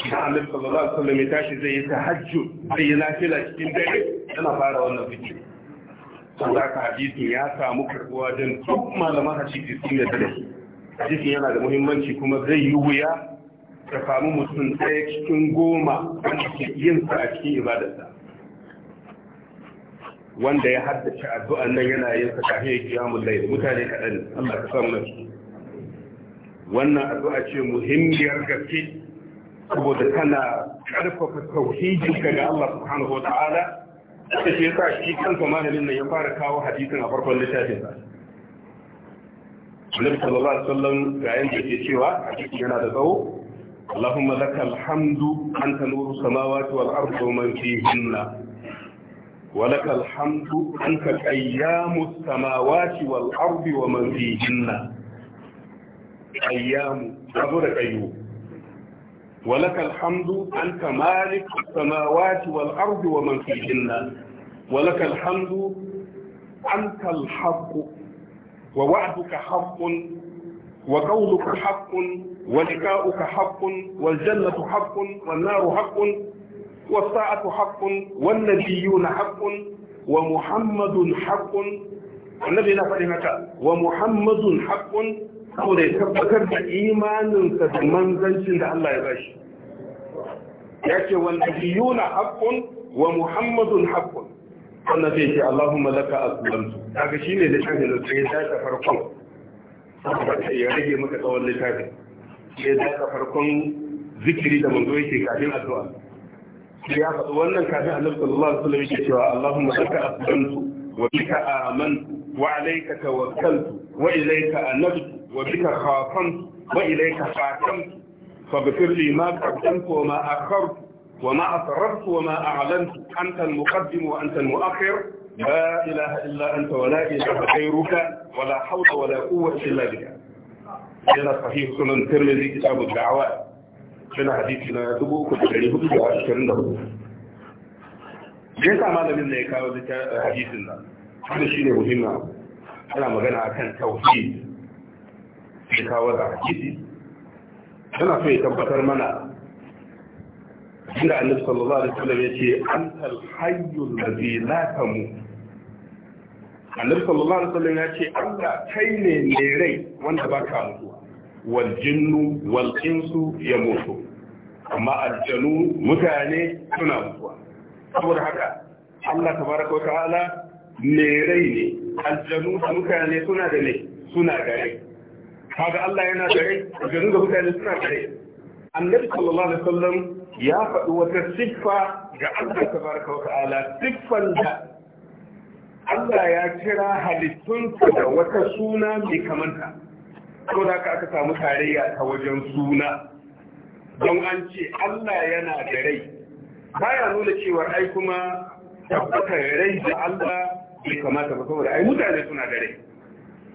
idan annabi sallallahu alaihi wasallam ya tashi zai yi tahajjud zai yi nafila cikin dare yana fara wannan zikiri saboda haka hadisin ya samu karbuwa don duk malaman hadisi sun yadda da shi hadisin yana da muhimmanci kuma zai yi wuya ka samu mutum ɗaya cikin goma wanda ke yin sa a cikin ibadarsa wanda ya haddace addu'an nan yana yin sa kafin ya kiyamun laili mutane kaɗan Allah ka samu na wannan addu'a ce muhimmiyar gaske saboda kana karfafa tauhidinka ga Allah subhanahu wata'ala ta shi yasa shi kansa malamin nan ya fara kawo hadisin a farkon littafin sa Annabi sallallahu alaihi wasallam ga da ke cewa hadisi yana da tsawo Allahumma lakal hamdu anta nuru samawati wal ardi wa man fihinna wa lakal hamdu anta qayyamu samawati wal ardi wa man fihinna qayyamu abu da qayyum ولك الحمد أنت مالك السماوات والأرض ومن فيهن ولك الحمد أنت الحق ووعدك حق وقولك حق ولقاؤك حق والجنة حق والنار حق والساعة حق والنبيون حق ومحمد حق النبي لا ومحمد حق saboda ya tabbatar da imaninsa da manzancin da Allah ya bashi ya ce wal nabiyuna haqqun wa muhammadun haqqun Wannan sai ce Allahumma laka aslamtu kaga shine da shafi da sai ya ta farkon saboda ya rage maka tsawon littafin sai da ta farkon zikiri da manzo yake kafin addu'a sai ya faɗi wannan kafin Annabi sallallahu alaihi wasallam yake cewa Allahumma laka aslamtu wa bika amantu wa alayka tawakkaltu wa ilayka anabtu وبك خاصمت وإليك حاكمت فاغفر لي ما قدمت وما أخرت وما أسررت وما أعلنت أنت المقدم وأنت المؤخر لا إله إلا أنت ولا إله غيرك ولا حول ولا قوة إلا بك هذا صحيح سنن الترمذي كتاب الدعوات هنا حديثنا دبو كتب عليه كتب شكرا له جيسا ما لم يكن يكاو ذلك حديثنا هذا شيء مهم أنا مغنى عن توحيد ya kawo da hadisi yana so ya tabbatar mana inda annabi sallallahu alaihi wasallam yace antal hayyul ladhi la tamu annabi sallallahu alaihi wasallam yace Allah kai ne mai rai wanda baka mutuwa wal jinnu wal insu yamutu amma aljanu mutane suna mutuwa saboda haka Allah tabaraka wataala mai rai ne aljanu mutane suna da ne suna da rai kaga Allah yana da rai garin da mutane suna da rai annabi sallallahu alaihi wasallam ya faɗi wata siffa ga Allah tabaraka wa ta'ala siffan da Allah ya kira halittunsa da wata suna mai kamanta ko da aka samu tarayya ta wajen suna don an ce Allah yana da rai baya nuna cewa ai kuma tabbatar rai da Allah bai kamata ba saboda ai mutane suna da rai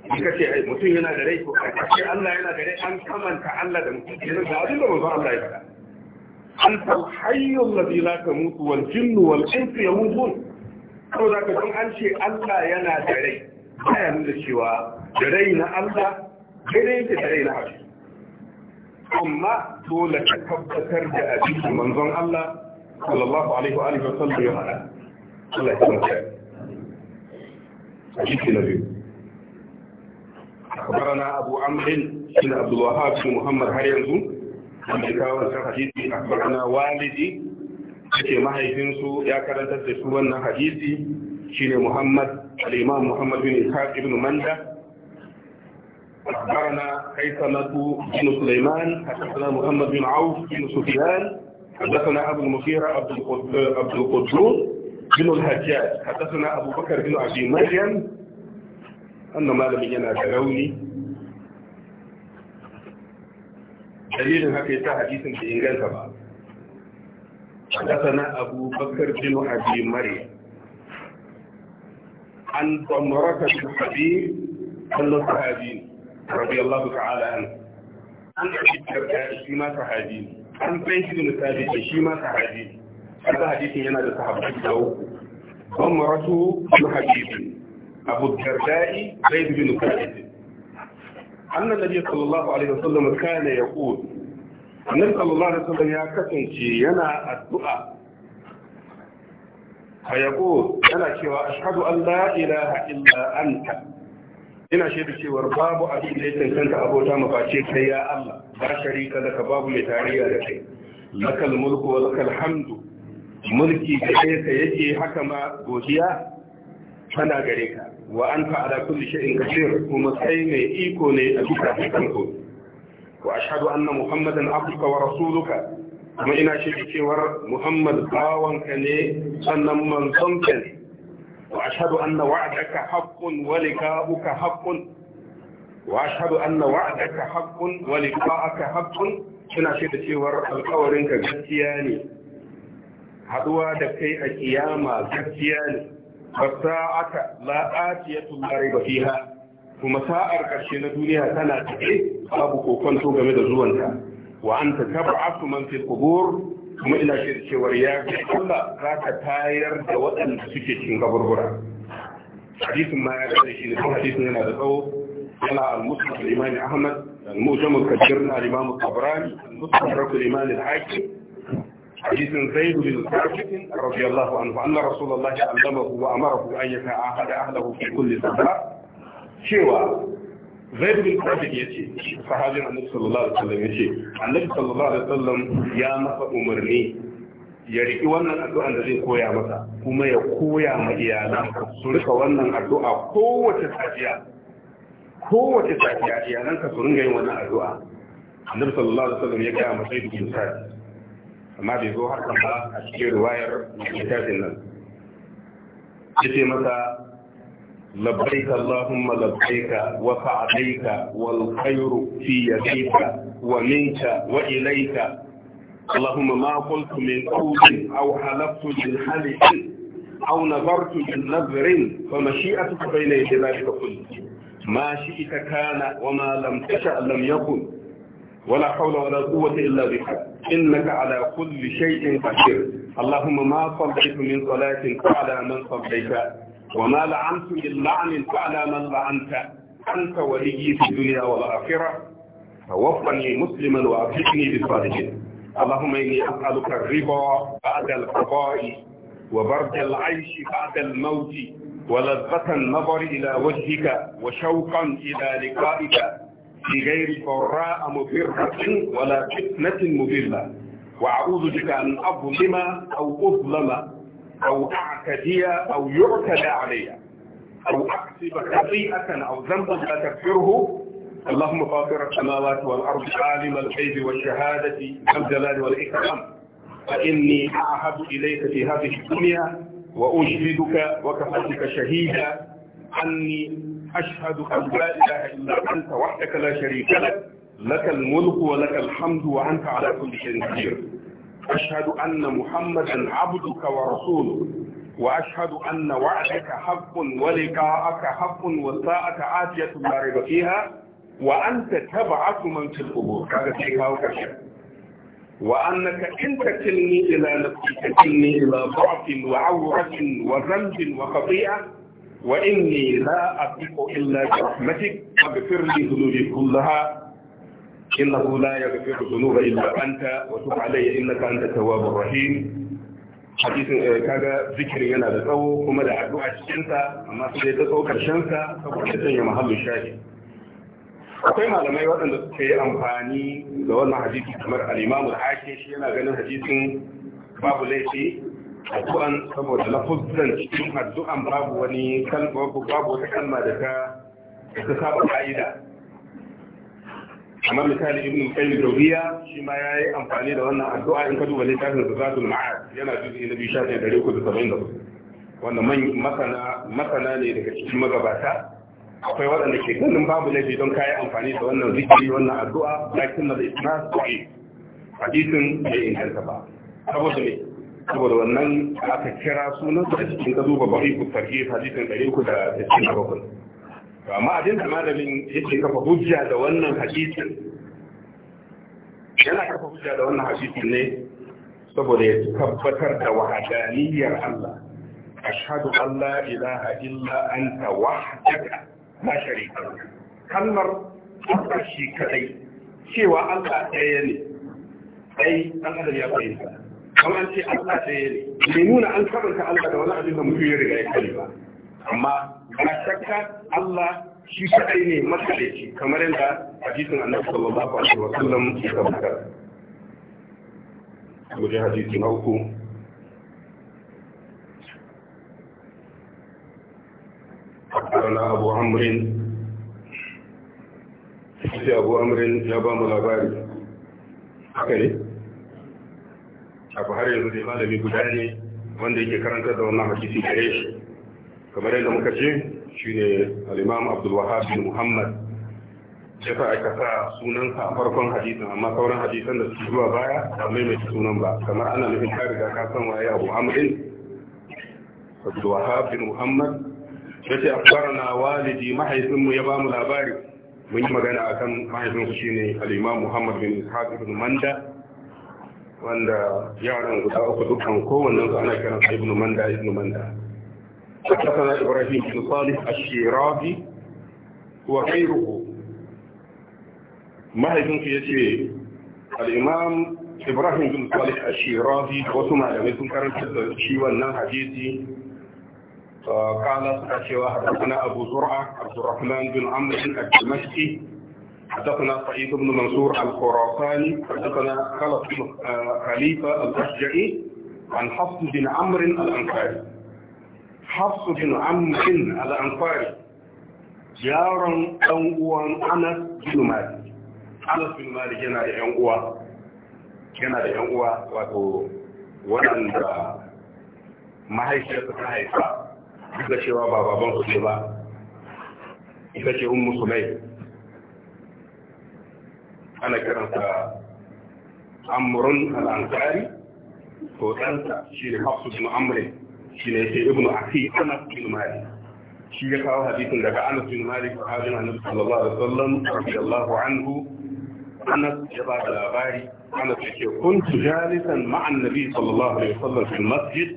in ka ce mutum yana da rai ko ce Allah yana da rai an kamanta Allah da mutum kenan da abin da manzon Allah ya faɗa anta al-hayyu alladhi la tamutu wal jinnu wal insu Ko za ka don an ce Allah yana da rai baya nuna cewa da rai na Allah daidai yake da rai na Allah amma dole ka tabbatar da abin da manzon Allah sallallahu alaihi wa alihi wa sallam ya faɗa Allah ya tsare shi na biyu أخبرنا أبو عمرو بن عبد الوهاب بن محمد هريانزو wanda kawo wancan hadisi a barna walidi ake mahaifinsu ya karantar da su wannan hadisi shine Muhammad al-Imam Muhammad bin Ishaq ibn Manda أخبرنا قيصمة بن سليمان حدثنا محمد بن عوف بن سفيان حدثنا أبو المغيرة عبد القدوس بن الحجاج حدثنا أبو بكر بن أبي مريم wannan ما لم da rauni dalilin haka ya sa hadisin da inganta ba حدثنا أبو بكر بن أبي مريم عن ضمرة بن حبيب عن الصحابين رضي الله تعالى عنه عن أبي الدرداء شيما صحابين عن زيد بن ثابت شيما صحابين هذا حديث هنا لصحابته ضمرة بن أبو الدرداء زيد بن ثابت أن النبي صلى الله عليه وسلم كان يقول النبي صلى الله عليه وسلم يا كسن ينا الدعاء فيقول أنا شوى أشهد أن لا إله إلا أنت ina shaidu cewar babu abin da ya cancanta abota maface kai ya Allah ba sharika daga babu mai tariya da kai lakal mulku wa lakal hamdu mulki da kai ka yake haka ma godiya tana gare ka wa an fa'ada kulli sha'in kaseer kuma sai mai iko ne a bisa kanku wa a ashhadu anna muhammadan abduka wa rasuluka kuma ina shaida cewar muhammad bawanka ne sannan manzonka ne wa ashhadu anna wa'daka haqqun wa liqa'uka haƙƙun? wa ashhadu anna wa'daka haqqun wa liqa'aka haƙƙun? ina shaida cewar alƙawarin ka gaskiya ne haduwa da kai a kiyama gaskiya ne fasa'ata la'atiyatu la raiba fiha kuma sa'ar karshe na duniya tana tafe babu kokonto game da zuwanta wa anta tab'atu man fil qubur kuma ina shirin cewar ya Allah za ta tayar da waɗanda suke cikin gaburbura hadisin ma ya gane shi ne kuma hadisin yana da tsawo yana al-muslim al-imam Ahmad al-mujam al-kabir na al-imam al-Tabrani al-muslim rakul imam al-Hakim حديث زيد بن ثابت رضي الله عنه أن رسول الله علمه وأمره أن يتعاهد أهله في كل صلاة شوى زيد بن ثابت يتي صحابي النبي صلى الله عليه وسلم يتي النبي صلى الله عليه وسلم يا مسا أمرني ya riƙi wannan addu'an da zai koya masa kuma ya koya ma iyalan su rika wannan addu'a kowace safiya kowace safiya iyalanka su ringa yin wannan addu'a annabi sallallahu alaihi wasallam ya gaya masa yadda amma bai zo har ba a cikin riwayar littafin nan yace masa labbaika allahumma labbaika wa fa'alaika wal khayru fi yadika wa minka wa ilayka اللهم ما قلت من قول أو حلفت من حلف أو نظرت من نظر فمشيئتك بين يدي ذلك كله ما شئت كان وما لم تشأ لم يكن ولا حول ولا قوة إلا بك إنك على كل شيء قدير اللهم ما صليت من صلاة فعلى من صليت وما لعنت من لعن فعلى من لعنت أنت وليي في الدنيا والآخرة توفني مسلما وأرزقني بالصالحين اللهم إني أسألك الرضا بعد القضاء وبرد العيش بعد الموت ولذة النظر إلى وجهك وشوقا إلى لقائك بغير ضراء مبرة ولا فتنة مضلة وأعوذ بك أن أظلم أو أظلم أو أعتدي أو يعتدى علي أو أكسب خطيئة أو ذنبا لا تكفره اللهم فاطر السماوات والأرض عالم الغيب والشهادة والجلال الجلال والإكرام فإني أعهد إليك في هذه الدنيا وأشهدك وكفى شهيدا أني أشهد أن لا إله إلا أنت وحدك لا شريك لك لك الملك ولك الحمد وأنت على كل شيء قدير أشهد أن محمدا عبدك ورسولك وأشهد أن وعدك حق ولقاءك حق والساعة آتية لا ريب فيها وأنت تبعث من في القبور هذا شيء وأنك إن تكلني إلى نفسي تكلني إلى ضعف وعورة وذنب وخطيئة وإني لا أثق إلا برحمتك فاغفر لي ذنوبي كلها إنه لا يغفر الذنوب إلا أنت وتب علي إنك أنت التواب الرحيم حديث كذا ذكر ينا da tsawo kuma da addu'a cikinsa, sa amma sai ta tsawo karshen sa saboda sanya mahallin shahi akwai malamai waɗanda suka yi amfani ga wannan hadisi kamar al-Imam al-Hakim shi yana ganin hadisin babu laifi addu'an saboda lafuzzan cikin addu'an babu wani kalma babu wata kalma da ta ta saba ka'ida amma misali ibn qayyim dawiya shi ma yayi amfani da wannan addu'a in ka duba littafin zatul ma'ad yana juz'i na 1374 wannan man masana masana ne daga cikin magabata akwai waɗanda ke ganin babu laifi don kayi amfani da wannan zikiri wannan addu'a lakin na isnad sahih hadisin bai inganta ba saboda me saboda wannan aka kira sunan da cikin ka duba bari ku tarhe hadisin ɗari ku da cikin da bakwai to amma abin da malamin yake kafa hujja da wannan hadisin yana kafa hujja da wannan hadisin ne saboda ya tabbatar da wahadaniyar Allah ashhadu an la ilaha illa anta wahdaka la sharika lak kalmar Allah shi kadai cewa Allah ɗaya ne ai an adam ya fahimta kamar ce Allah ɗaya ne bai nuna an karanta Allah da wani abin da mutum ya riga ya ba amma ba shakka Allah shi ne masalaci kamar yadda hadisin annabi sallallahu alaihi wa sallam ya tabbata ya abu har yanzu dai malami guda ne wanda yake karanta da wannan hadisi gare shi kamar yadda muka ce shi ne Alimam Abdul Wahhab bin Muhammad ya fa aka sa sunansa a farkon hadisin amma sauran hadisan da suke zuwa baya ba mai mai sunan ba kamar ana nufin ka riga ka san waye Abu Amrin Abdul Wahhab bin Muhammad yace akbarana walidi mahaifinmu ya bamu labari mun yi magana akan mahaifinsu shine al-imam Muhammad bin Ishaq bin Manda wanda yaran guda uku dukkan kowannen su ana kiran sa ibnu manda ibnu manda حدثنا ابراهيم بن صالح الشيرازي وغيره ما هيكون في الامام ibrahim bin salih ashirazi wasu malamai sun karanta da shi wannan hadisi kala suka cewa hadasana abu zur'a abdurrahman bin amr bin حدثنا سعيد بن منصور الخراساني حدثنا خلف خليفة الأشجعي عن حفص بن عمرو الأنصاري حفص بن عمرو الأنصاري yaron ɗan uwan Anas bin Malik Anas bin Malik yana da ƴan uwa yana wato waɗanda mahaifiyarsa ta haifa duk ba baban su ba ana kiransa amrun al-ansari to ɗansa shi ne hafsu bin amrin shi ne sai ibnu aki anas bin malik shi ya kawo hadisin daga anas bin malik sahabin annabi sallallahu alaihi wasallam radiyallahu anhu anas ya ba da labari anas yake kuntu jalisan ma'an nabi sallallahu alaihi wasallam fil masjid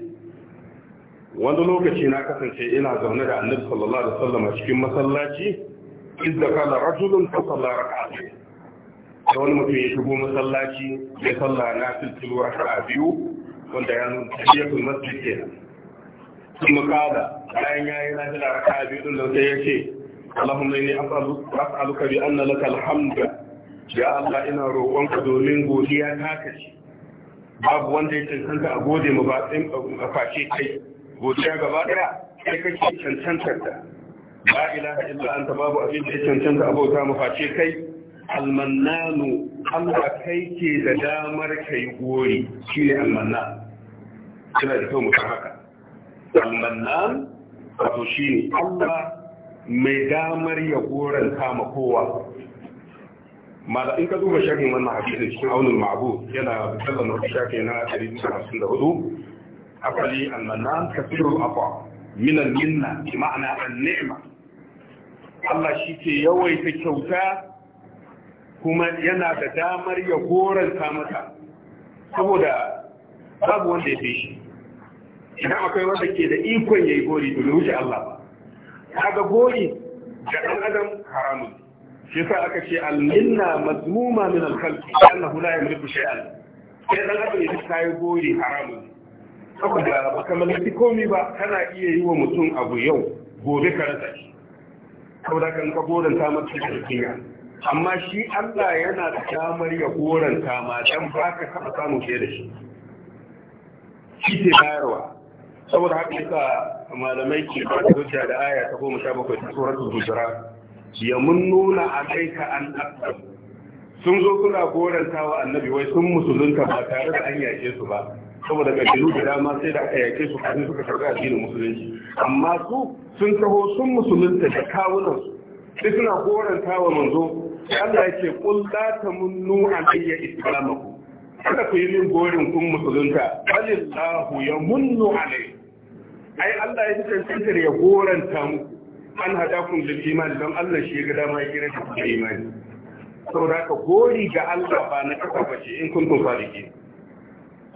wani lokaci na kasance ina zaune da annabi sallallahu alaihi wasallam a cikin masallaci idda kala rajulun fa salla rak'atayn sai wani mutum ya shigo masallaci ya salla na filfilu raka'a biyu wanda ya nuna tafiyatul masjid kenan sun makala bayan ya yi lafiya raka'a biyu ɗin da sai ya ce Allahumma inni as'aluka bi anna laka alhamda ya Allah ina roƙonka domin godiya ta kace babu wanda ya cancanta a gode ma ba a face kai godiya gaba daya kai kake cancantar da la ilaha illa anta babu abin da ya cancanta abota mu face kai almannanu Allah kai ke da damar kai gori shi ne almannan suna da kyau mutum haka almannan wato shi ne Allah mai damar ya goran kama kowa mala in ka duba sharhin wannan hadisin cikin aunin ma'abu yana musallar na shafi na 154 afali almannan kasirul afa min al-minna bi ma'ana an-ni'ma Allah shi ke yawaita kyauta kuma yana da damar ya goranta mata saboda babu wanda ya fi shi idan akwai wanda ke da ikon ya yi gori da wuce Allah ba ga gori da ɗan adam haramun shi sa aka ce alminna mazmuma min hula ya mulku shi shay'an sai ɗan adam ya yi gori haramun saboda baka mallaki komi ba kana iya yi wa mutum abu yau gobe ka rasa shi saboda kan ka mata da amma shi Allah yana da damar ya goranta ma dan baka taba samu fiye da shi shi ke bayarwa saboda haka yasa malamai ke ba da hujja da aya ta goma sha bakwai ta suratul hujra ya mun nuna a kai ka an aksamu sun zo suna goranta wa annabi wai sun musulunta ba tare da an yake su ba saboda kabilu da dama sai da aka yake su kafin suka karɓi addinin musulunci amma su sun taho sun musulunta da kawunan su sai suna goranta wa manzo sai Allah ya ce kul la tamunnu alayya islamakum kada ku yi min gorin kun musulunta balillahu munnu alayhi ai Allah ya tantance ya goranta muku an hadakum lil iman don Allah shi ga dama ya kira ku da imani saboda ka gori ga Allah ba na kasa bace in kuntum sadiqin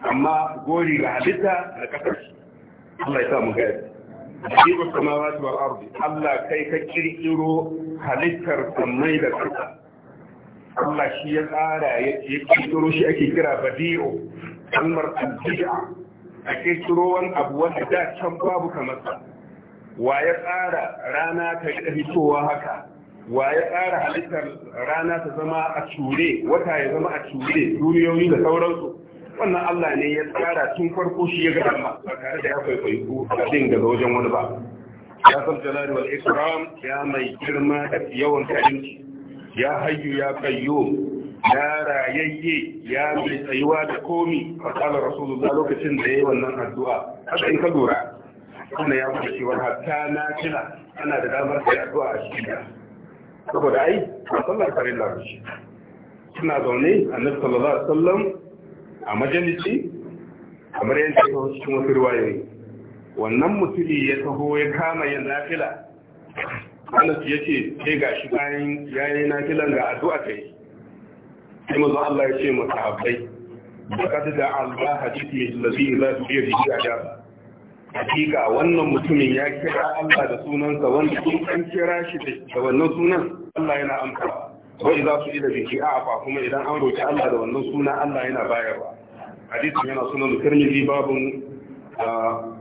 amma gori ga halitta na kasa Allah ya sa mu gani Jibu samawati wal ardi Allah kai ka kirkiro halittar sammai da kasa Allah shi ya tsara ya kirkiro shi ake kira badi'u kalmar addu'a a kirkiro wani abu wanda da can babu kamar sa wa ya tsara rana ta fitowa haka wa ya tsara halittar rana ta zama a cure wata ya zama a cure duniyoyi da sauransu wannan Allah ne ya tsara tun farko shi ya ga ba tare da ya kwaikwayi ko abin daga wajen wani ba ya san jalali wal ikram ya mai girma da yawan karinci ya hayyu ya kayyo ya rayayye ya mai tsayuwa da komi a rasulun rasulullah lokacin da ya yi wannan addu'a haka in ka lura wanda ya kuma cewa hatta na cina ana da damar da addu'a a cikin da saboda ai a tsallar farin larushi suna zaune a nan sallallahu a wasallam a majalisi kamar yadda ya taho cikin wasu wannan mutumi ya taho ya kama yin nafila Anas ya ce sai ga shi bayan yayi na kilan ga addu'a kai sai manzo Allah ya ce mu sahabbai faqad da Allah hadisi allazi la a ajaba hakika wannan mutumin ya kira Allah da sunansa wanda sun an kira shi da wannan sunan Allah yana amsa su ila biki a a'fa kuma idan an roki Allah da wannan suna Allah yana bayarwa hadisin yana sunan Tirmidhi babun ah,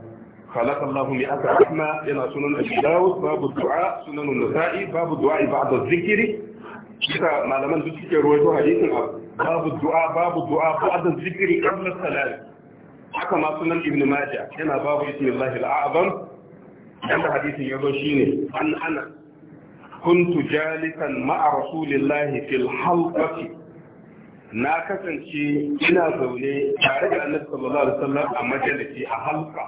خلق الله مئة رحمة ينا سنن أبي داود باب الدعاء سنن النسائي باب الدعاء بعد الذكر كذا ما لمن ذكر رويته حديث باب الدعاء باب الدعاء بعد الذكر قبل الصلاة حكما سنن ابن ماجه ينا باب اسم الله الأعظم عند حديث يضشيني عن أنا كنت جالسا مع رسول الله في الحلقة na kasance ina zaune tare da annabi sallallahu alaihi wasallam a majalisi a halka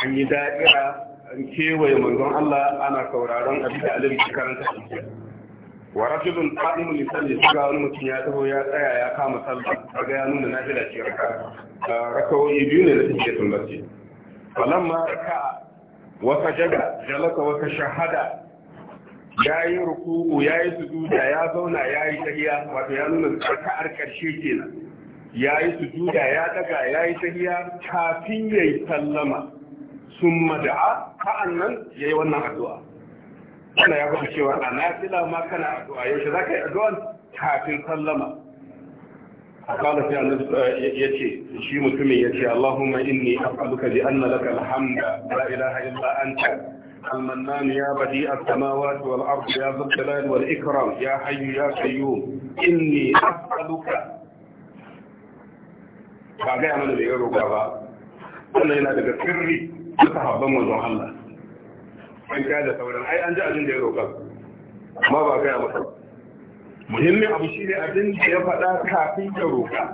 an yi da'ira an kewaye manzon Allah ana sauraron abin da alim ke karanta shi wa rajulun qa'imun li salli ga wani mutum ya taho ya tsaya ya kama sallah kaga ya nuna nafila ce raka rakawoyi biyu ne da suke sun falamma raka wa sajada jalaka wa shahada yayi ruku'u yayi sujuda ya zauna yayi tahiyya wato ya nuna raka'ar karshe kenan yayi sujuda ya daga yayi tahiyya kafin yayi sallama ثم دعا كأن يي وانا دعاء انا يا ابو شيوا انا لا ما كان دعاء يوش ذاك دون حاكم سلم قال في ان يتي شي متمي يتي اللهم اني اسالك لأن لك الحمد لا اله الا انت المنان يا بديع السماوات والارض يا ذا الجلال والاكرام يا حي يا قيوم اني اسالك بعدين انا اللي يقولوا wannan yana daga sirri na sahabban manzon Allah an kaya da sauran ai an ji abin da ya roƙa amma ba kai masa muhimmin abu shi ne abin da ya faɗa kafin ya roƙa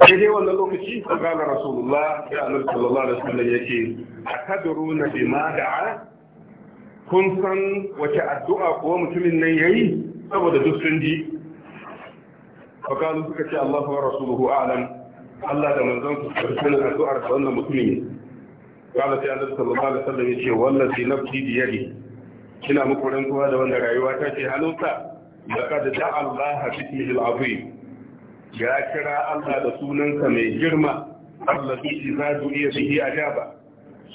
sai dai wannan lokaci ko gane rasulullah ya annabi sallallahu alaihi wasallam yake atadruna bima da'a kun san wace addu'a kuwa mutumin nan yayi saboda duk sun ji fa suka ce Allahu wa rasuluhu a'lam Allah da manzon ku karfin addu'ar da wannan mutumin kala sai Allah sallallahu alaihi wasallam ya ce wallahi nafsi bi yadi kina muku rantsuwa da wanda rayuwa ta ce hannunsa laqad da'a Allah bi ismihi al-azim ya kira Allah da sunansa mai girma Allah bi izadu iya bihi ajaba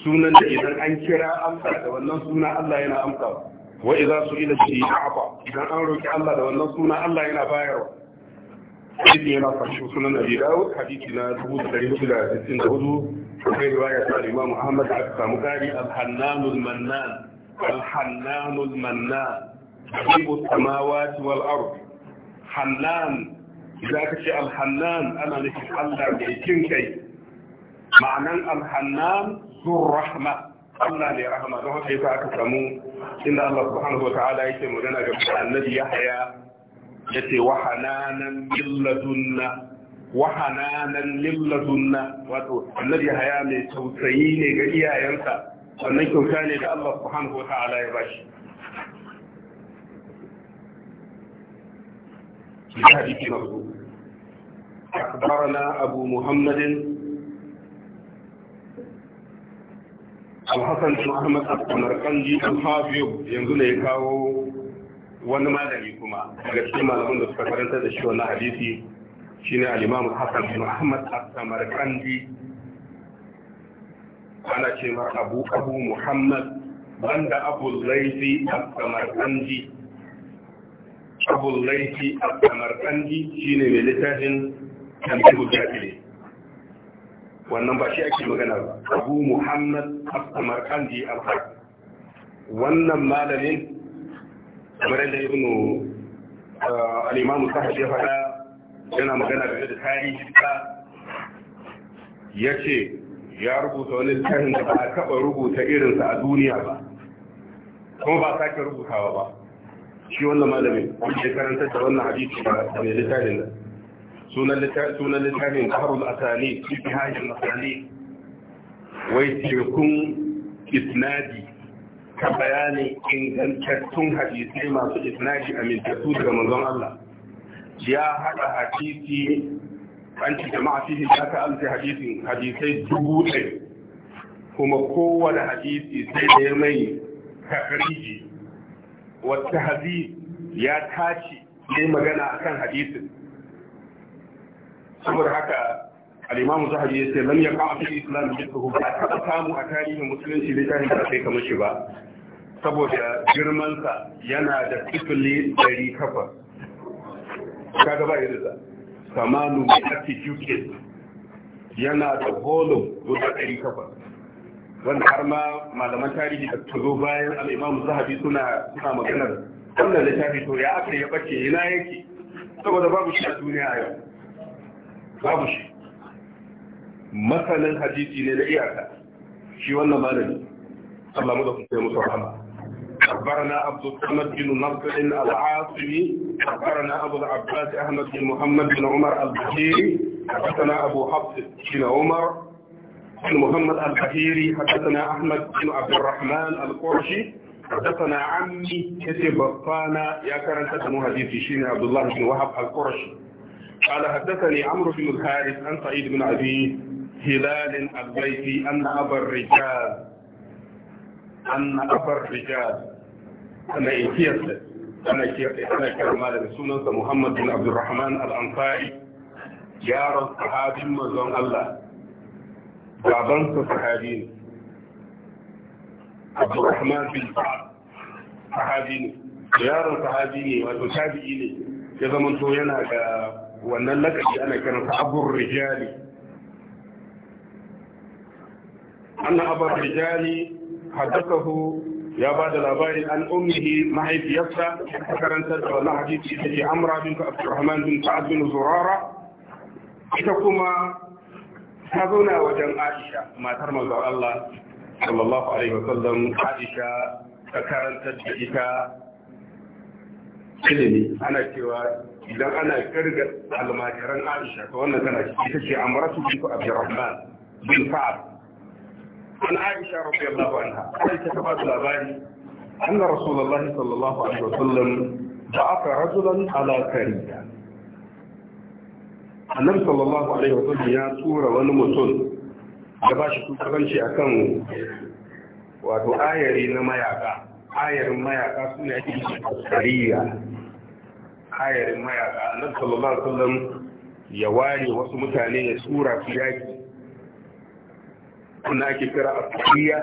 sunan da idan an kira Allah da wannan suna Allah yana amsawa wa idza su'ila bihi a'ta idan an roki Allah da wannan suna Allah yana bayarwa Shirin yana farshe sunan Abi Dawud hadisi na dubu da ɗari hudu da sittin da hudu. Akwai riwaya ta Alima Muhammad aka samu kari Alhannanul Mannan. ana nufin Ma'anan Alhannan rahma. Allah ne aka samu inda Allah subhanahu yake magana ga annabi Yahya yace wa hananan milladunna wa hananan milladunna wato annabi haya mai tausayi ne ga iyayensa Wannan kyauta ne da Allah subhanahu wata'ala ya bashi hadisi na أخبرنا أبو محمد الحسن بن أحمد السمرقندي الحافظ ينزل يكاو wani malami kuma daga cikin malamin da suka karanta da shi wannan hadisi shine al-Imam Hassan bin Muhammad asamar samarkandi ana ce ma Abu Abu Muhammad banda Abu Laifi asamar samarkandi Abu Laifi as-Samarkandi shine mai littafin Tambihu Jahili wannan ba shi ake magana ba Abu Muhammad asamar samarkandi al wannan malamin kamar yadda ibnu uh, al-imam sahabi ya faɗa yana magana game da tarihi ta, ya ce ya rubuta wani littafin da ba a taɓa rubuta irinsa a duniya ba kuma ba a sake rubutawa ba shi wannan malamin wanda ya karanta da wannan hadisi da mai littafin nan sunan littafin baharul asali cikin hajjin asali wai tekun isnadi maka bayanin ingantattun hadisai masu isnadi amintattu daga manzon Allah ya haɗa hadisi an ci jama'a cikin ya ka alfi hadisin hadisai dubu ɗari kuma kowane hadisi sai da ya mai takariji wata hadisi ya tashi ne magana akan hadisin saboda haka al'imam zahari ya ce zan ya ka'a cikin islam da ba a taɓa samu a tarihin musulunci littafin da sai kamar shi ba saboda girmansa yana da sifili ɗari kafa kaga ba irinsa samanu mai ake juke yana da holo guda ɗari kafa wanda har ma malaman tarihi da tuzo bayan al'imamu zahabi suna suna maganar wannan littafi to ya aka ya bace yana yake saboda babu shi a duniya a yau babu shi masanin hadisi ne na iyaka shi wannan malami Allah mu da kuma musu rahama أخبرنا عبد الصمد بن نصر العاصمي أخبرنا أبو العباس أحمد بن محمد بن عمر البشيري حدثنا أبو حفص بن عمر بن محمد البشيري حدثنا أحمد بن عبد الرحمن القرشي حدثنا عمي كتب بطانا يا كرن تسمو حديثي شين عبد الله بن وهب القرشي قال حدثني عمرو بن الحارث عن سعيد بن أبي هلال البيتي أن أبا الرجال أن أبا الرجال ana ikiyarsa ana kira malamin sunansa Muhammad bin Abdurrahman al-Ansari yaron sahabin manzon Allah babansa sahabi ne Abdulrahman bin Sa'ad sahabi ne yaron sahabi ne wato tabi'i ne ya zama to yana ga wannan lakabi ana kiransa Abu Rijali anna Abu Rijali حدثه ya ba da labari an ummihi mahaifiyarsa ta karantar da wannan hadisi da ke amra bin abdurrahman bin ta'ad bin zurara ita kuma ta zauna wajen aisha matar manzon Allah sallallahu alaihi wa sallam, aisha ta karantar da ita ilimi ana cewa idan ana kirga almajiran aisha ta wannan tana ita ce amratu bin abdurrahman bin ta'ad an aisha radiyallahu anha aisha ta ba da labari anna rasulullahi sallallahu alaihi wasallam ba'atha rajulan ala kariya annabi sallallahu alaihi wasallam ya tura wani mutum da ba shi kusuranci akan wato ayari na mayaka ayarin mayaka suna yake kariya ayarin mayaka annabi sallallahu alaihi wasallam ya ware wasu mutane ya tura su yaki wanda ake kira a kuriya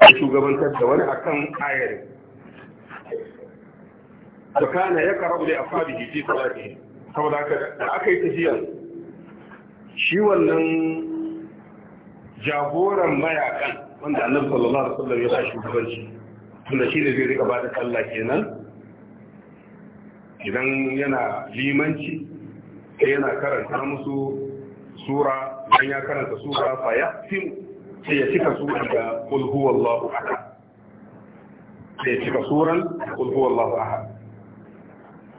da shugabantar da wani akan ayarin da kana ya karabu a fadi jiji salati saboda haka da aka yi tafiyan shi wannan jagoran mayakan wanda annabi sallallahu alaihi wasallam ya sa shugabanci tunda shi ne zai rika ba da sallah kenan idan yana limanci sai yana karanta musu sura idan ya karanta sura fa ya fimu sai ya cika suran da qul huwallahu ahad sai ya cika suran qul huwallahu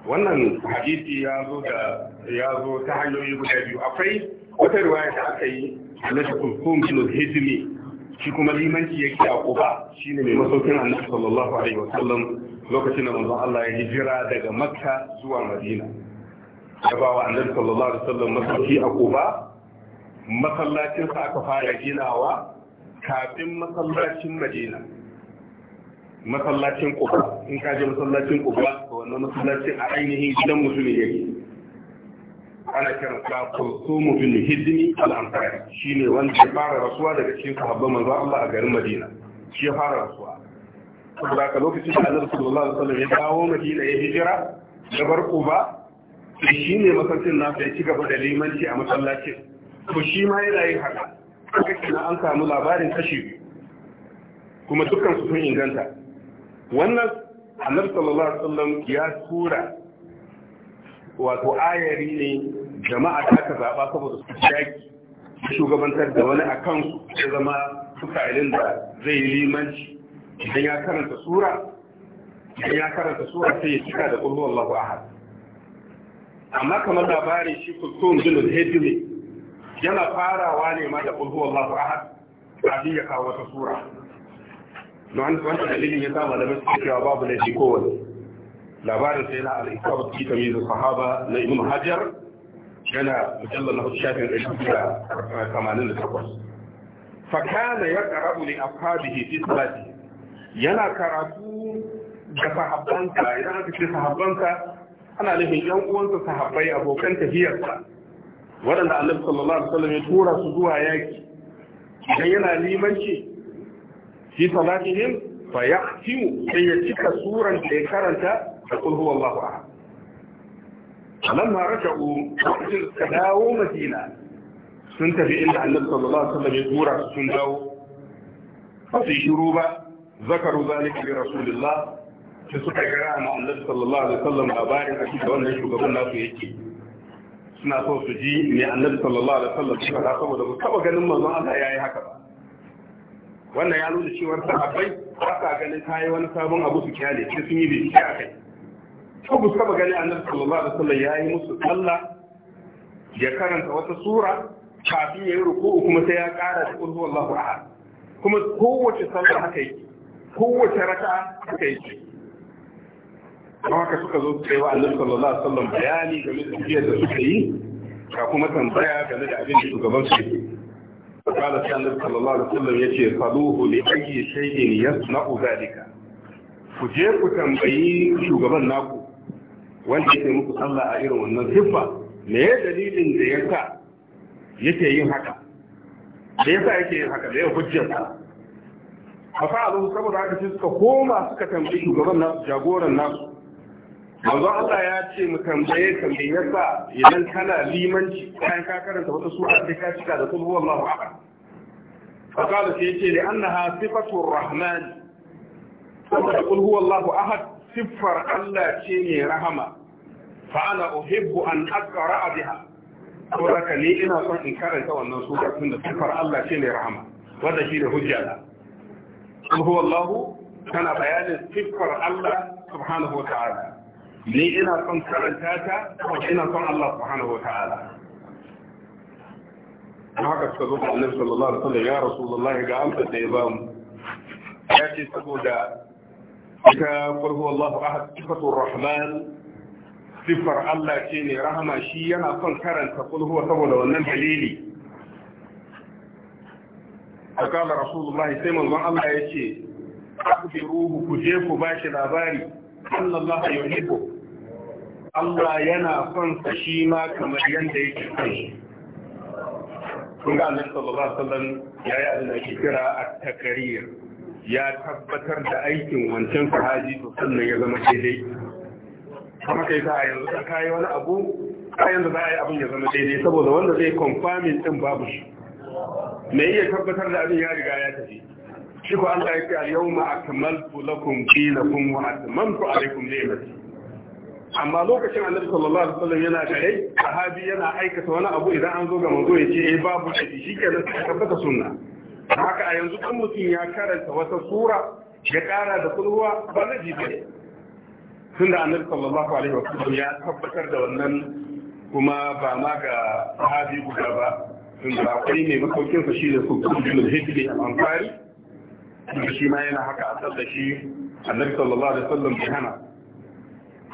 wannan hadisi ya zo da ya zo ta hanyoyi guda biyu akwai wata riwaya da aka yi annabi kulkum bin hizmi shi kuma limanci yake a kuba shine mai masaukin annabi sallallahu alaihi wasallam lokacin da manzon Allah ya hijira daga makka zuwa madina ya ba wa annabi sallallahu alaihi wasallam masauki a kuba masallacin sa aka fara ginawa kafin masallacin madina masallacin kuba in ka je masallacin kuba to wannan masallacin a ainihin gidan musulmi yake ana kiran sa kursumu bin hidmi al-ansari shine wanda ya fara rasuwa daga cikin sahabban manzo Allah a garin Madina shi ya fara rasuwa saboda ka lokaci da Annabi sallallahu alaihi wasallam ya dawo Madina ya hijira da bar kuba shine masallacin nasa ya ci gaba da limanci a masallacin to shi ma yana yin haka haka kenan an samu labarin kashi kuma dukkan su sun inganta wannan annabi sallallahu alaihi wasallam ya tura wato ayari ne jama'a da aka zaba saboda su shaki shugabantar da wani akan su ya zama ilin da zai yi limanci idan ya karanta sura idan ya karanta sura sai ya cika da kullu wallahu ahad amma kamar labarin shi kulsum jinul al-hijri yana farawa ne ma da qul huwallahu ahad kafin ya kawo wata sura don wanda dalilin ya kama da masu cewa babu laifi kowane labarin sai na al'ikabar fi tamizin sahaba na ibn hajar yana mujallar na shafin ɗari da tamanin da takwas fakana ya karabu ne a fabihi fi salati yana karatu da sahabbanka idan aka ce sahabbanka ana nufin yan uwansa sahabbai abokan tafiyarsa waɗanda annabi sallallahu alaihi wasallam ya tura su zuwa yaki idan yana limanci fi salatihim fa yaqtimu sai ya cika suran da ya karanta da kul huwallahu ahad alamma raja'u lokacin ka dawo madina sun tafi inda annabi sallallahu alaihi wasallam ya tura su sun dawo ba su shiru ba zakaru zalika li rasulillah sai suka kira annabi sallallahu alaihi wasallam labarin a cikin wannan shugaban nasu yake suna so su ji mai annabi sallallahu alaihi wasallam shi fara saboda ba taba ganin manzon Allah yayi haka ba wannan ya nuna cewa sahabbai ba ganin kai wani sabon abu su kyale sai sun yi bincike a kai ko ba taba ganin annabi sallallahu alaihi wasallam yayi musu sallah ya karanta wata sura kafin yayi ruku'u kuma sai ya ƙara da qul huwallahu ahad kuma kowace sallah haka yake kowace raka'a haka yake don haka suka zo su yi wa annabi sallallahu alaihi wasallam bayani game da tafiyar da suka yi ka kuma tambaya game da abin da shugaban su yake فقال النبي صلى الله عليه وسلم يجي صلوه لأي شيء Ku je ku tambayi shugaban naku, wanda yake muku sallah a irin wannan siffa me ya dalilin da ya sa yake yin haka da ya sa yake yin haka da ya hujjar sa fa fa'alu saboda haka sai suka koma suka tambayi shugaban nasu jagoran nasu manzo Allah ya ce mu tambaye ka yasa idan kana limanci kayan ka karanta wata sura sai ka cika da kullu wallahu ahad fa kala sai yace li annaha saboda kullu wallahu ahad siffar Allah ce ne rahama fa uhibbu an aqra biha saboda ina son in karanta wannan sura tunda siffar Allah ce ne rahama wanda shi da hujja na kana bayanin siffar Allah subhanahu ni ina son karanta ta kuma ina son Allah subhanahu wataala don haka suka zo da Annabi sallallahu alaihi wasallam ya Rasulullahi ga amsa da ya ba mu ya ce saboda ita qulhu Allahu ahad sifatur rahman sifar Allah ce ne rahama shi yana son karanta qulhu saboda wannan dalili akala Rasulullahi sai manzon Allah ya ce akbiruhu ku je ku bashi labari annallaha yuhibbu Allah yana son sa shi ma kamar yadda yake son shi kun ga annabi sallallahu alaihi wasallam ya yi abin da kira at-takarir ya tabbatar da aikin wancan sahaji to sannan ya zama daidai kuma kai ta yanzu ka kai wani abu a yanzu za a yi abin ya zama daidai saboda wanda zai confirming din babu shi me iya tabbatar da abin ya riga ya tafi shi ko Allah ya ce al-yawma akmaltu lakum dinakum wa atmamtu alaykum ni'mati amma lokacin annabi sallallahu alaihi wasallam yana kare, sahabi yana aikata wani abu idan an zo ga manzo ya ce eh babu shi shikenan ka tabbata sunna haka a yanzu kan mutum ya karanta wata sura ya kara da kulwa ba zai ji bane tunda annabi sallallahu alaihi wasallam ya tabbatar da wannan kuma ba ma ga sahabi guda ba tunda akwai mai masaukin sa shi da su kuma hijri al-ansari shi ma yana haka a da shi annabi sallallahu alaihi wasallam bai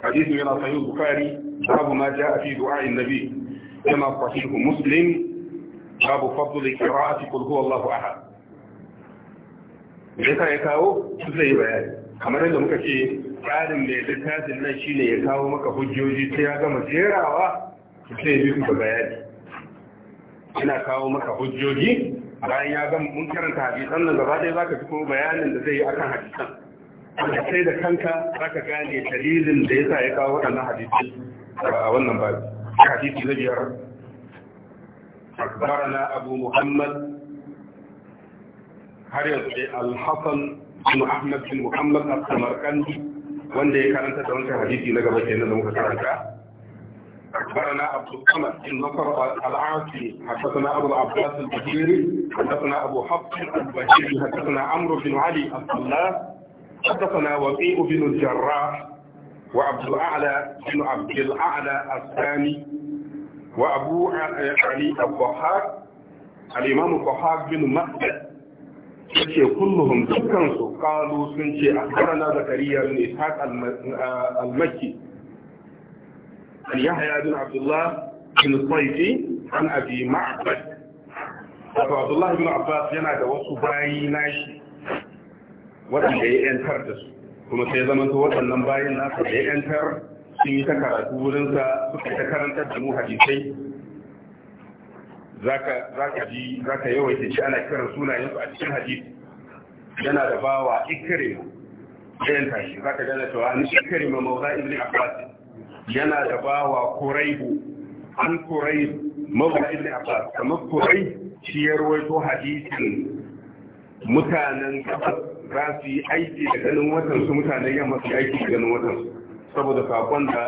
hadisin yana sahih bukhari babu ma jaa fi du'a'in nabi yana sahih muslim babu fadl qira'ati qul huwa allah ahad yasa ya kawo su zai bayani kamar yadda muka ce tsarin mai littafin nan shi ne ya kawo maka hujjoji sai ya gama jerawa sai ya bi ku bayani ina kawo maka hujjoji bayan ya gama mun karanta hadisan nan gaba ɗaya ka fi kuma bayanin da zai yi akan hadisan da kanka gane dalilin da ya kawo hadisi a wannan hadisi na biyar أخبرنا أبو محمد حريص الحسن بن أحمد بن محمد السمرقندي وان دي كانت تدون حديثي لغا بكينا لما كانت أخبرنا عبد الصمد بن نصر العاصي حدثنا أبو العباس البشيري حدثنا أبو حفص البشيري حدثنا عمرو بن علي الصلاح حدثنا وقيء بن الجراح وعبد الأعلى بن عبد الأعلى الثاني وأبو علي الضحاك الإمام الضحاك بن مخلد yace kulluhum dukkan su kalu sun ce akhbarana zakariya bin ishaq al-makki an yahya bin abdullah bin sayfi an abi ma'bad wato abdullah bin abbas yana da wasu nashi waɗanda ya yantar da su kuma sai zama to waɗannan bayan nasa da ya yantar sun yi ta karatu wurinsa suka ta karantar da mu hadisai za ka ji za ka yawaita shi ana kiran sunayensu a cikin hadisi yana da bawa ikirin ɗayan tashi za ka gane cewa ni ikirima maula ibn abbas yana da bawa kuraibu an Kurai maula ibn abbas kamar Kurai shi ya rawaito hadisin mutanen gabas za su yi aiki da ganin watan su mutanen yamma su aiki da ganin watan su saboda sakon da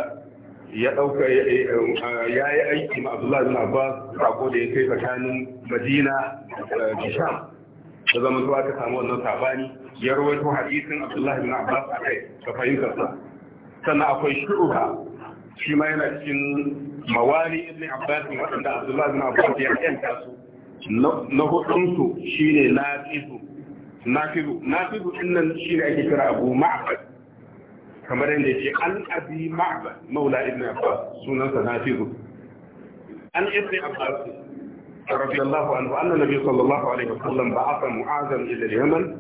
ya dauka ya yi aiki ma Abdullahi bin Abbas sako da ya kai tsakanin Madina da Sham da zaman zuwa ka samu wannan sabani ya rawaito hadisin Abdullahi bin Abbas a kai ka fahimtar sa sannan akwai shu'uha shi ma yana cikin mawali ibn Abbas waɗanda Abdullahi bin Abbas ya yanta su na hudunsu shine nafisu nafidu nafidu din nan shine ake kira abu ma'bad kamar yadda yake an abi ma'bad maula ibn abbas sunansa nafidu an ibn abbas رضي الله عنه أن النبي صلى الله عليه وسلم بعث معاذا إلى اليمن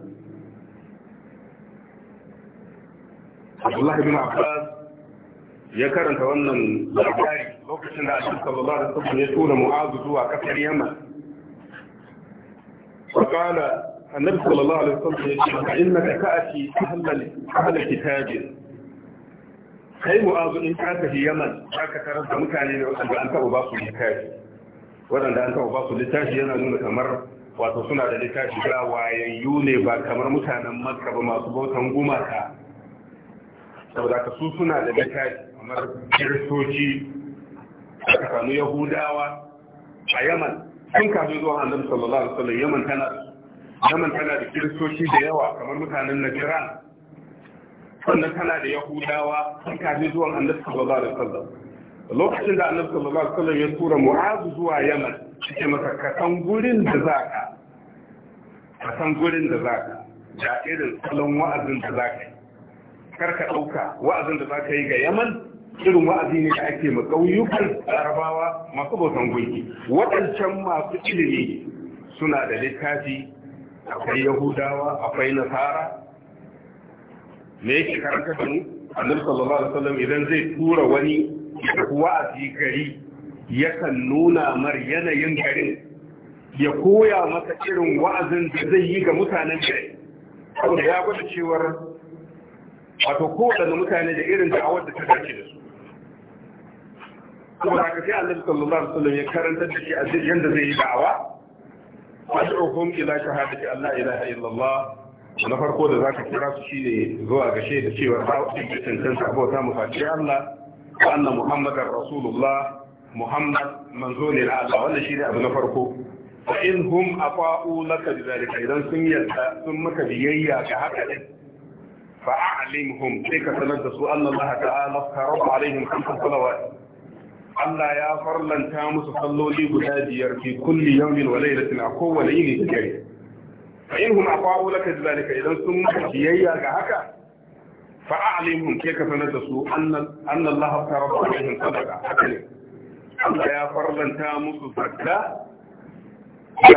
عبد الله بن عباس ya karanta wannan labari lokacin da Annabi sallallahu alaihi wasallam ya tura Mu'adh zuwa kasar Yaman. Fakala annabi sallallahu alaihi wasallam ya ce ka innaka ta'ati ahlal ahl kitab kai mu'azu in ka tafi yaman ka tarar da mutane da wanda an taba ba su littafi wanda an taba ba su littafi yana nuna kamar wato suna da littafi ga wayayyu ne ba kamar mutanen makka ba masu bautan gumaka saboda ka su suna da littafi kamar kiristoci aka samu yahudawa a yaman sun kafin zuwa annabi sallallahu alaihi wasallam yaman tana zaman tana da kiristoci da yawa kamar mutanen najira sannan tana da yahudawa sun kaji zuwa annabi sallallahu alaihi wasallam lokacin da annabi sallallahu alaihi wasallam ya tura mu'azu zuwa yaman cike masa ka san gurin da za ka san gurin da ka. da irin salon wa'azin da za yi kar ka dauka wa'azin da ka yi ga yaman irin wa'azi ne da ake ma ƙauyukan arabawa masu bautan gunki waɗancan masu ilimi suna da littafi akwai yahudawa akwai nasara me yake karanta da mu annabi sallallahu alaihi wasallam idan zai tura wani ya wa'azi gari yakan nuna mar yanayin garin ya koya masa irin wa'azin da zai yi ga mutanen gari saboda ya gwada cewar wato kowane mutane da irin da'awar da ta dace da su saboda ka sai annabi sallallahu alaihi wasallam ya karanta da shi a yanda zai yi da'awa wad'uhum ila shahadati Allah ilaha illallah na farko da zaka kira su shine zuwa ga shaida cewa ba su tantance abota mu face Allah wa anna muhammadar rasulullah muhammad manzo ne na Allah wannan shine abu na farko fa in hum afa'u laka bidhalika idan sun yarda sun maka biyayya ga haka din fa a'limhum sai ka sanar da su anna Allah ta'ala farada alaihim khamsa salawat Allah ya farlanta musu salloli guda biyar fi kulli yawmin wa laylatin a kowane yini da dare fa in hum aqa'u laka zalika idan sun maka kiyayya ga haka fa a'limhum kai ka sanar da su annan anna Allah farada alaihim sadaqa haka ne Allah ya farlanta musu zakka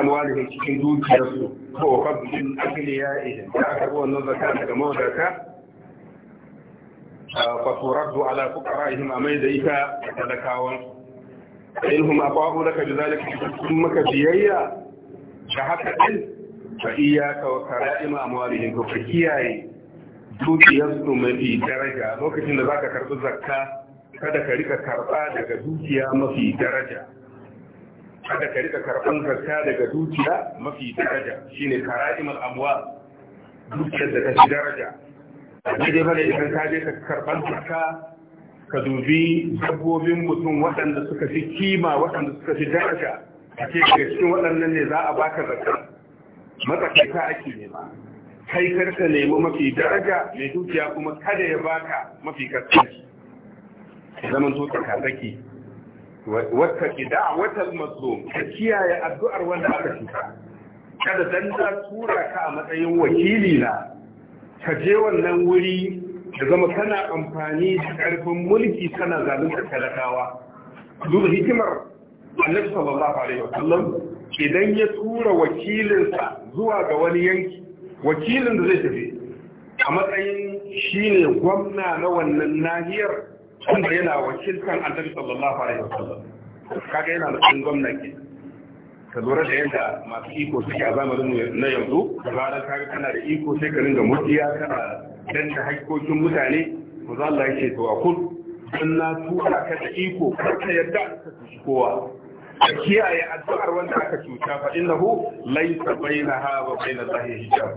amwalihim cikin dukiyarsu ko fadlin agliya idan ya karbo wannan zakata daga mawadaka faturaddu ala fuqara'ihim a mai da ita talakawan ilhum aqabu laka bidhalika sun maka biyayya da haka din fa iyyaka wa kara'im kiyaye mafi daraja lokacin da zaka karbi zakka kada ka rika karɓa daga dukiya mafi daraja kada ka rika karban zakka daga dukiya mafi daraja shine kara'im al dukiyar da ta daraja ne dai bane idan ka je ka karɓar zakka ka dubi dabbobin mutum waɗanda suka fi kima waɗanda suka fi daraja a ce daga cikin waɗannan ne za a baka zaka matsakaita ake nema kai karka nemi mafi daraja mai dukiya kuma kada ya baka mafi kasance zaman to tsakatsaki wata ke wata mazlum ka kiyaye addu'ar wanda aka cuta kada dan da tura ka a matsayin wakili na ka je wannan wuri da zama kana amfani da karfin mulki kana zalunta talakawa duba hikimar annabi sallallahu alaihi wasallam idan ya tura wakilinsa zuwa ga wani yanki wakilin da zai tafi a matsayin shine gwamna na wannan nahiyar wanda yana wakiltan annabi sallallahu alaihi wasallam kaga yana da gwamna kenan ka lura da yadda masu iko suke a zamanin na yanzu da ranar ga kana da iko sai ka ringa murtiya kana dan da hakkokin mutane ku za Allah yake to akul dan na tura ka da iko kar ka yadda ka tafi kowa a kiyaye addu'ar wanda aka cuta fa innahu laysa bainaha wa bainal lahi hijab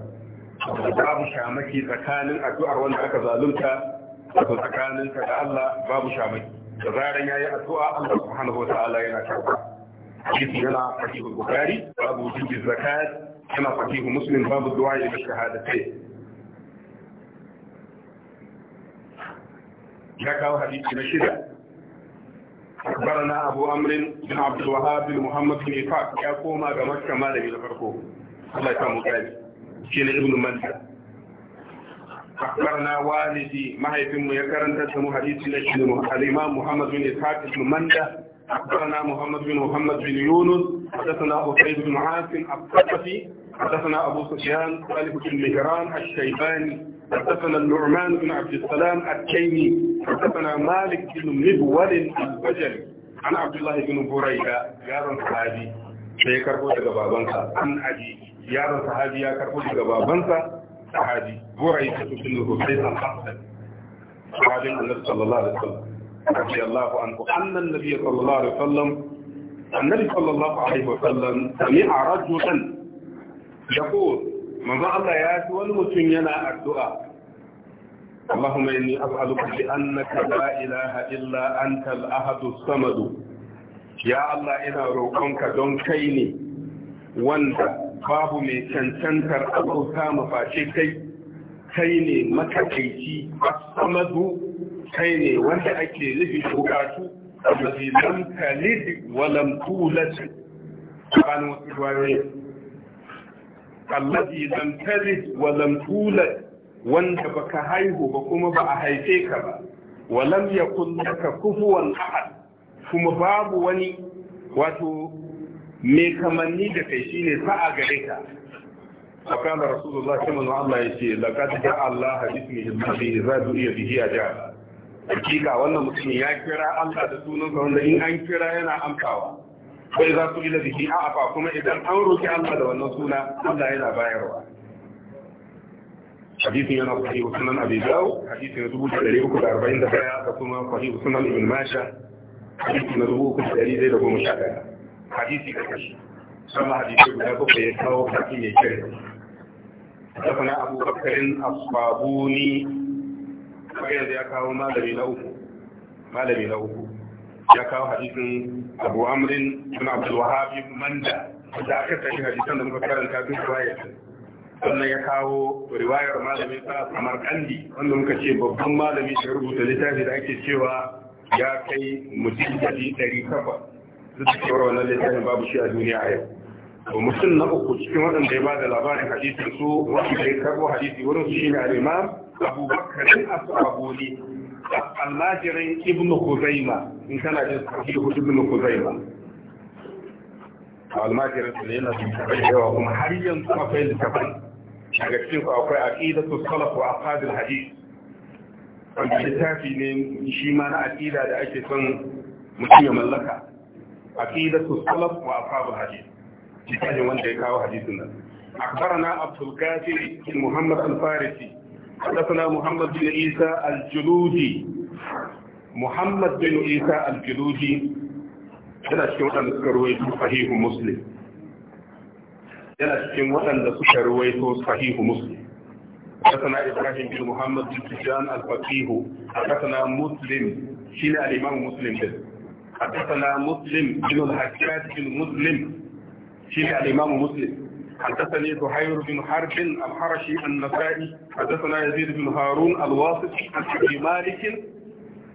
babu shamaki tsakanin addu'ar wanda aka zalunta tsakanin ka da Allah babu shamaki da zaran yayi addu'a Allah subhanahu wa ta'ala yana karɓa حديثي هنا فقيه البخاري باب وجوب الزكاة هنا فقيه مسلم باب الدعاء إلى الشهادتين يا كاو حديث نشيدة أخبرنا أبو أمر بن عبد الوهاب بن محمد بن إفاق يا كوما كما ما لم يذكره الله يسامو ذلك شين ابن مالك أخبرنا والدي ما هي في يكرن تسمو حديث الإمام محمد بن إسحاق بن مندة أخبرنا محمد بن محمد بن يونس حدثنا أسيد بن عاصم الثقفي حدثنا أبو سفيان صالح بن مهران الشيباني حدثنا النعمان بن عبد السلام التيمي حدثنا مالك بن مهول البجلي عن عبد الله بن بريدة يارن صحابي sai karbo daga babansa an aji yaron sahabi ya karbo daga babansa sahabi burai ta tutun rubai al-hasan sahabin annabi sallallahu alaihi wasallam رضي الله عنه أن النبي صلى الله عليه وسلم النبي صلى الله عليه وسلم سمع رجلا يقول من ذا الله ياتي والمسلم ينا الدعاء اللهم إني أسألك بأنك لا إله إلا أنت الأحد الصمد يا الله إنا روكمك دون كيني وانت babu mai cancantar abauta mafashe kai kai ne matakaici a samadu kai ne wanda ake nufi bukatu allazi lam talid wa lam tulad wasu riwayoyi allazi lam wanda baka haihu ba kuma ba a haife ka ba wa yakun laka kufuwan ahad kuma babu wani wato mai kamanni da kai shine sa'a gare ka فقال رسول الله صلى الله عليه وسلم لقد جاء الله باسمه الذي لا دعي به اجابه hakika wannan mutum ya kira Allah da sunansa wanda in an kira yana amsawa bai za su ila biki a afa kuma idan an roki Allah da wannan suna Allah yana bayarwa hadisin yana sahih sunan abi dawud hadisin na dubu da uku da arba'in da daya da kuma sahih sunan ibn masha hadisin na dubu uku da kuma dai da goma sha daya hadisi da kashi sama hadisi guda bakwai ya kawo kafin ya kira. Tafana Abu Bakarin Asbabuni kaga yanzu ya kawo malami na uku malami na uku ya kawo hadisin Abu Amrin ibn Abdul Wahabi, ibn Manda da aka sani hadisan da muka karanta duk riwayar sannan ya kawo riwayar malamin sa kamar kandi wanda muka ce babban malami da rubuta littafi da ake cewa ya kai mutum dari ɗari takwas duk da cewar wannan littafin babu shi a duniya a yau to mutum na uku cikin waɗanda ya ba da labarin hadisin su wanda ya karɓo hadisi wurin su shine al-imam abubakar as-sabuni al-majirin ibn khuzaima in kana jin sahihu ibn khuzaima al-majirin ne yana da yawa kuma har yanzu akwai littafin daga cikin ku akwai aqidatu salaf wa aqadul hadith wanda littafi ne shi ma na aqida da ake son mutum ya mallaka aqidatu salaf wa aqadul hadith shi wanda ya kawo hadisin nan أخبرنا عبد الكافي محمد الفارسي حدثنا محمد بن عيسى الجلودي محمد بن عيسى الجلودي yana cikin waɗanda suka ruwaito sahihu muslim yana cikin waɗanda suka ibrahim bin muhammad bin tijjan al-faqihu a kasana muslim shi ne al'imam muslim din a kasana muslim bin al bin muslim shi ne al'imam muslim حدثني زهير بن حرب الحرشي النسائي حدثنا يزيد بن هارون الواسطي عن ابي مالك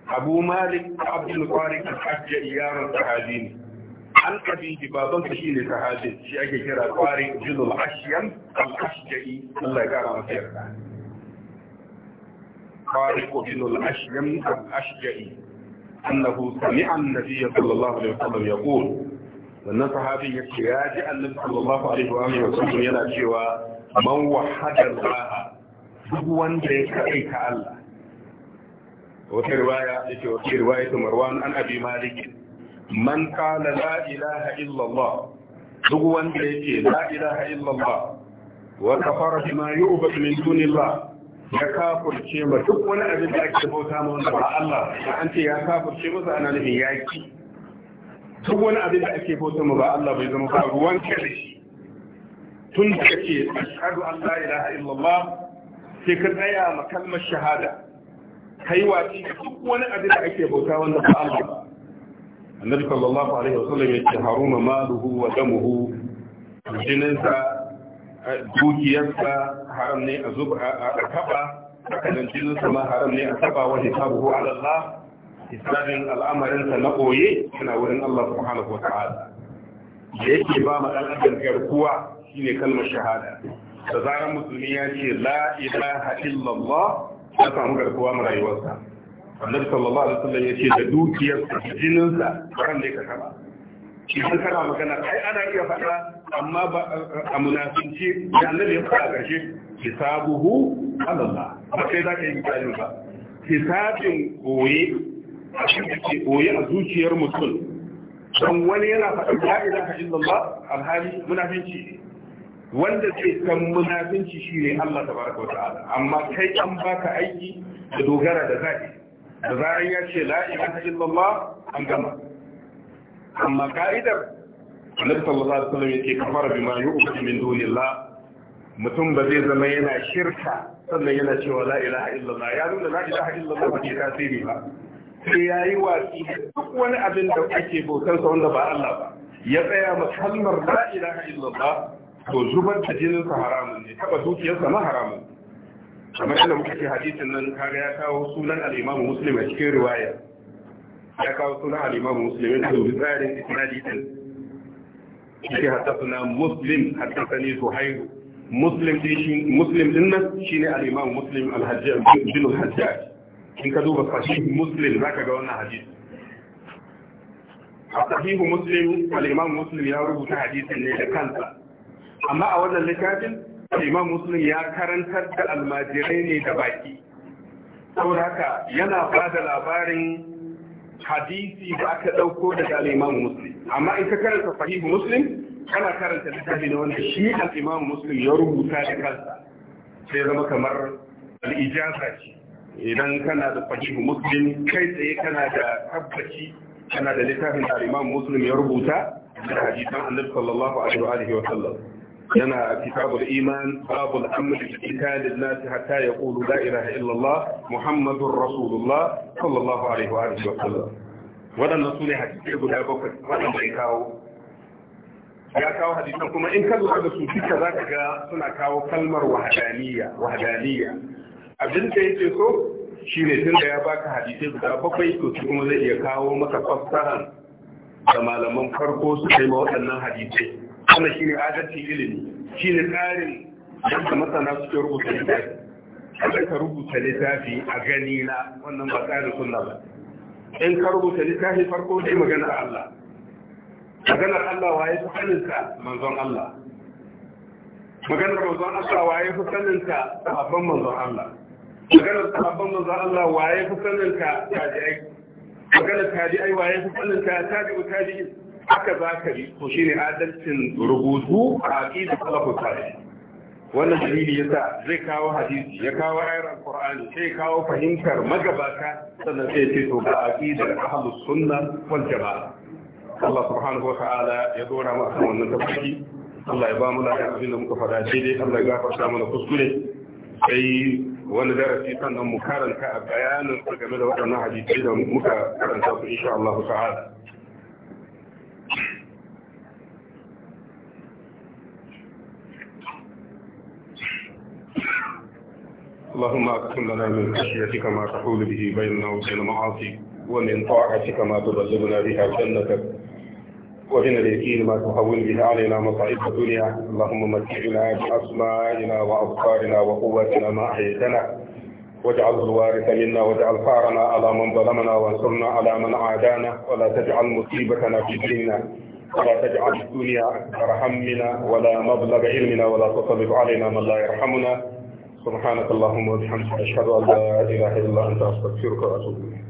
ابو مالك عبد المطارق الحج ايار الصحابين عن ابي جباب شيء صحابي شيء ake kira طارق جل العشيم الاشجعي الله يكرمه خير طارق بن العشيم الاشجعي انه سمع النبي صلى الله عليه وسلم يقول Sannan sahabin ya ce ya ji annabi sallallahu alaihi wa alihi wasallam yana cewa man wahada Allah duk wanda ya kaita Allah wata riwaya yake wata riwaya ta Marwan an Abi Malik man qala la ilaha illa Allah duk wanda ya yake la ilaha illa Allah wa kafara bima yu'badu min dunillah ya kafurce ma duk wani abin da ake bauta ma wanda ba Allah da an ce ya kafurce masa ana nufin yaki duk wani abin da ake bauta mu ba Allah bai zama ba ruwan kai shi tun da kake ashhadu an la ilaha illallah sai ka tsaya ma kalmar shahada kai wati duk wani abin da ake bauta wanda ba Allah ba annabi sallallahu alaihi wasallam ya ce haruma maluhu wa damuhu jininsa dukiyarsa haram ne a zuba a kaba hakanan jininsa ma haram ne a kaba wa hisabuhu ala Allah hisabin al'amarinsa na koye suna wurin Allah subhanahu wata'ala da yake ba ma dan adam garkuwa shine kalmar shahada da zarar musulmi ya ce la ilaha illallah ya samu garkuwa mu rayuwarsa annabi sallallahu alaihi wasallam yace da dukiyar dukiyarsa jininsa ran da ka kaba idan kana magana ai ana iya faɗa amma ba a munafinci da annabi ya faɗa ƙarshe hisabuhu Allah ba kai za ka yi misalin ba hisabin koye abin da ke koyi a zuciyar mutum don wani yana faɗin la ilaha illallah alhali munafinci ne wanda zai san munafinci ne, Allah ta baraka wa ta'ala amma kai an baka aiki da dogara da zaɓi da zaran ya ce la ilaha illallah an gama amma ka'idar annabi sallallahu alaihi wasallam yake kafara bima yu'budu min dunillah mutum ba zai zama yana shirka sannan yana cewa la ilaha illallah ya nuna la ilaha illallah ba ta tasiri ba sai ya yi watsi duk wani abin da ake sa wanda ba Allah ba ya tsaya ma kalmar la ilaha illallah to zubar da jinin sa haramun ne taba dukiyarsa na haramun kamar yadda muka ce hadisin nan kaga ya kawo sunan al-Imam Muslim a cikin riwaya ya kawo sunan al-Imam Muslim da tsarin isnadi din shi haddathana Muslim haddathani Zuhair Muslim din shi Muslim din nan shine al-Imam Muslim al-Hajjaj bin al-Hajjaj in ka duba sahihu muslim zaka ga wannan hadisi a sahihu muslim al-imam muslim ya rubuta hadisin ne da kansa amma a wannan littafin imam muslim ya karantar da almajirai ne da baki saboda haka yana ba da labarin hadisi da aka ɗauko daga al-imam muslim amma in ka karanta sahihu muslim kana karanta littafi ne wanda shi al-imam muslim ya rubuta da kansa sai zama kamar ijaza ce idan kana da fahimu muslim kai tsaye kana da tabbaci kana da littafin da imam muslim ya rubuta da hadisan annabi sallallahu alaihi wa sallam yana kitabul iman babu babul da ita, qitalin nas hatta yaqulu la ilaha illa allah muhammadur rasulullah sallallahu alaihi wa sallam wadannan sune hadisi guda bakwai wadanda ya kawo ya kawo hadisan kuma in ka lura da su duka zaka ga suna kawo kalmar wahdaniyya wahdaniyya abin da yake so shine tun da ya baka hadisai guda bakwai to shi kuma zai iya kawo maka fasaha da malaman farko su kai ma waɗannan hadisai wannan ne adalci ilimi Shi ne tsarin yadda masana suke rubuta littafi kada ka rubuta littafi a gani na wannan ba tsarin sunna ba in ka rubuta littafi farko dai a Allah maganar Allah waye fi saninka manzon Allah maganar manzon Allah waye fi sa sahabban manzon Allah maganar sahabban manzon Allah waye fi sanin ka tabi'ai maganar tabi'ai waye fi sanin ka tabi'u tabi'in haka za ka yi to shine adalcin rubutu a aqidar salafus salih wannan dalili yasa zai kawo hadisi ya kawo ayar alqur'ani sai kawo fahimtar magabata sannan sai ce to ga aqidar ahlus sunna wal jama'a Allah subhanahu wa ta'ala ya dora mu akan wannan tafsiri Allah ya ba mu lafiya abin da muka faɗa daidai Allah ya gafarta mana kuskure sai wani darasi sannan mu karanta a bayanin game da waɗannan hadisai da muka karanta su insha Allah ta'ala اللهم اقسم لنا من خشيتك ما تحول به بيننا وبين معاصيك ومن طاعتك ما تبلغنا بها جنتك ومن اليقين ما تهون به علينا مصائب الدنيا اللهم متعنا بأسمائنا وأبصارنا وقوتنا ما أحييتنا واجعل الوارث منا واجعل ثارنا على من ظلمنا وانصرنا على من عادانا ولا تجعل مصيبتنا في ديننا ولا تجعل الدنيا أكثر همنا ولا مبلغ علمنا ولا تصرف علينا من لا يرحمنا سبحانك اللهم وبحمدك أشهد أن لا إله إلا أنت أستغفرك وأتوب إليك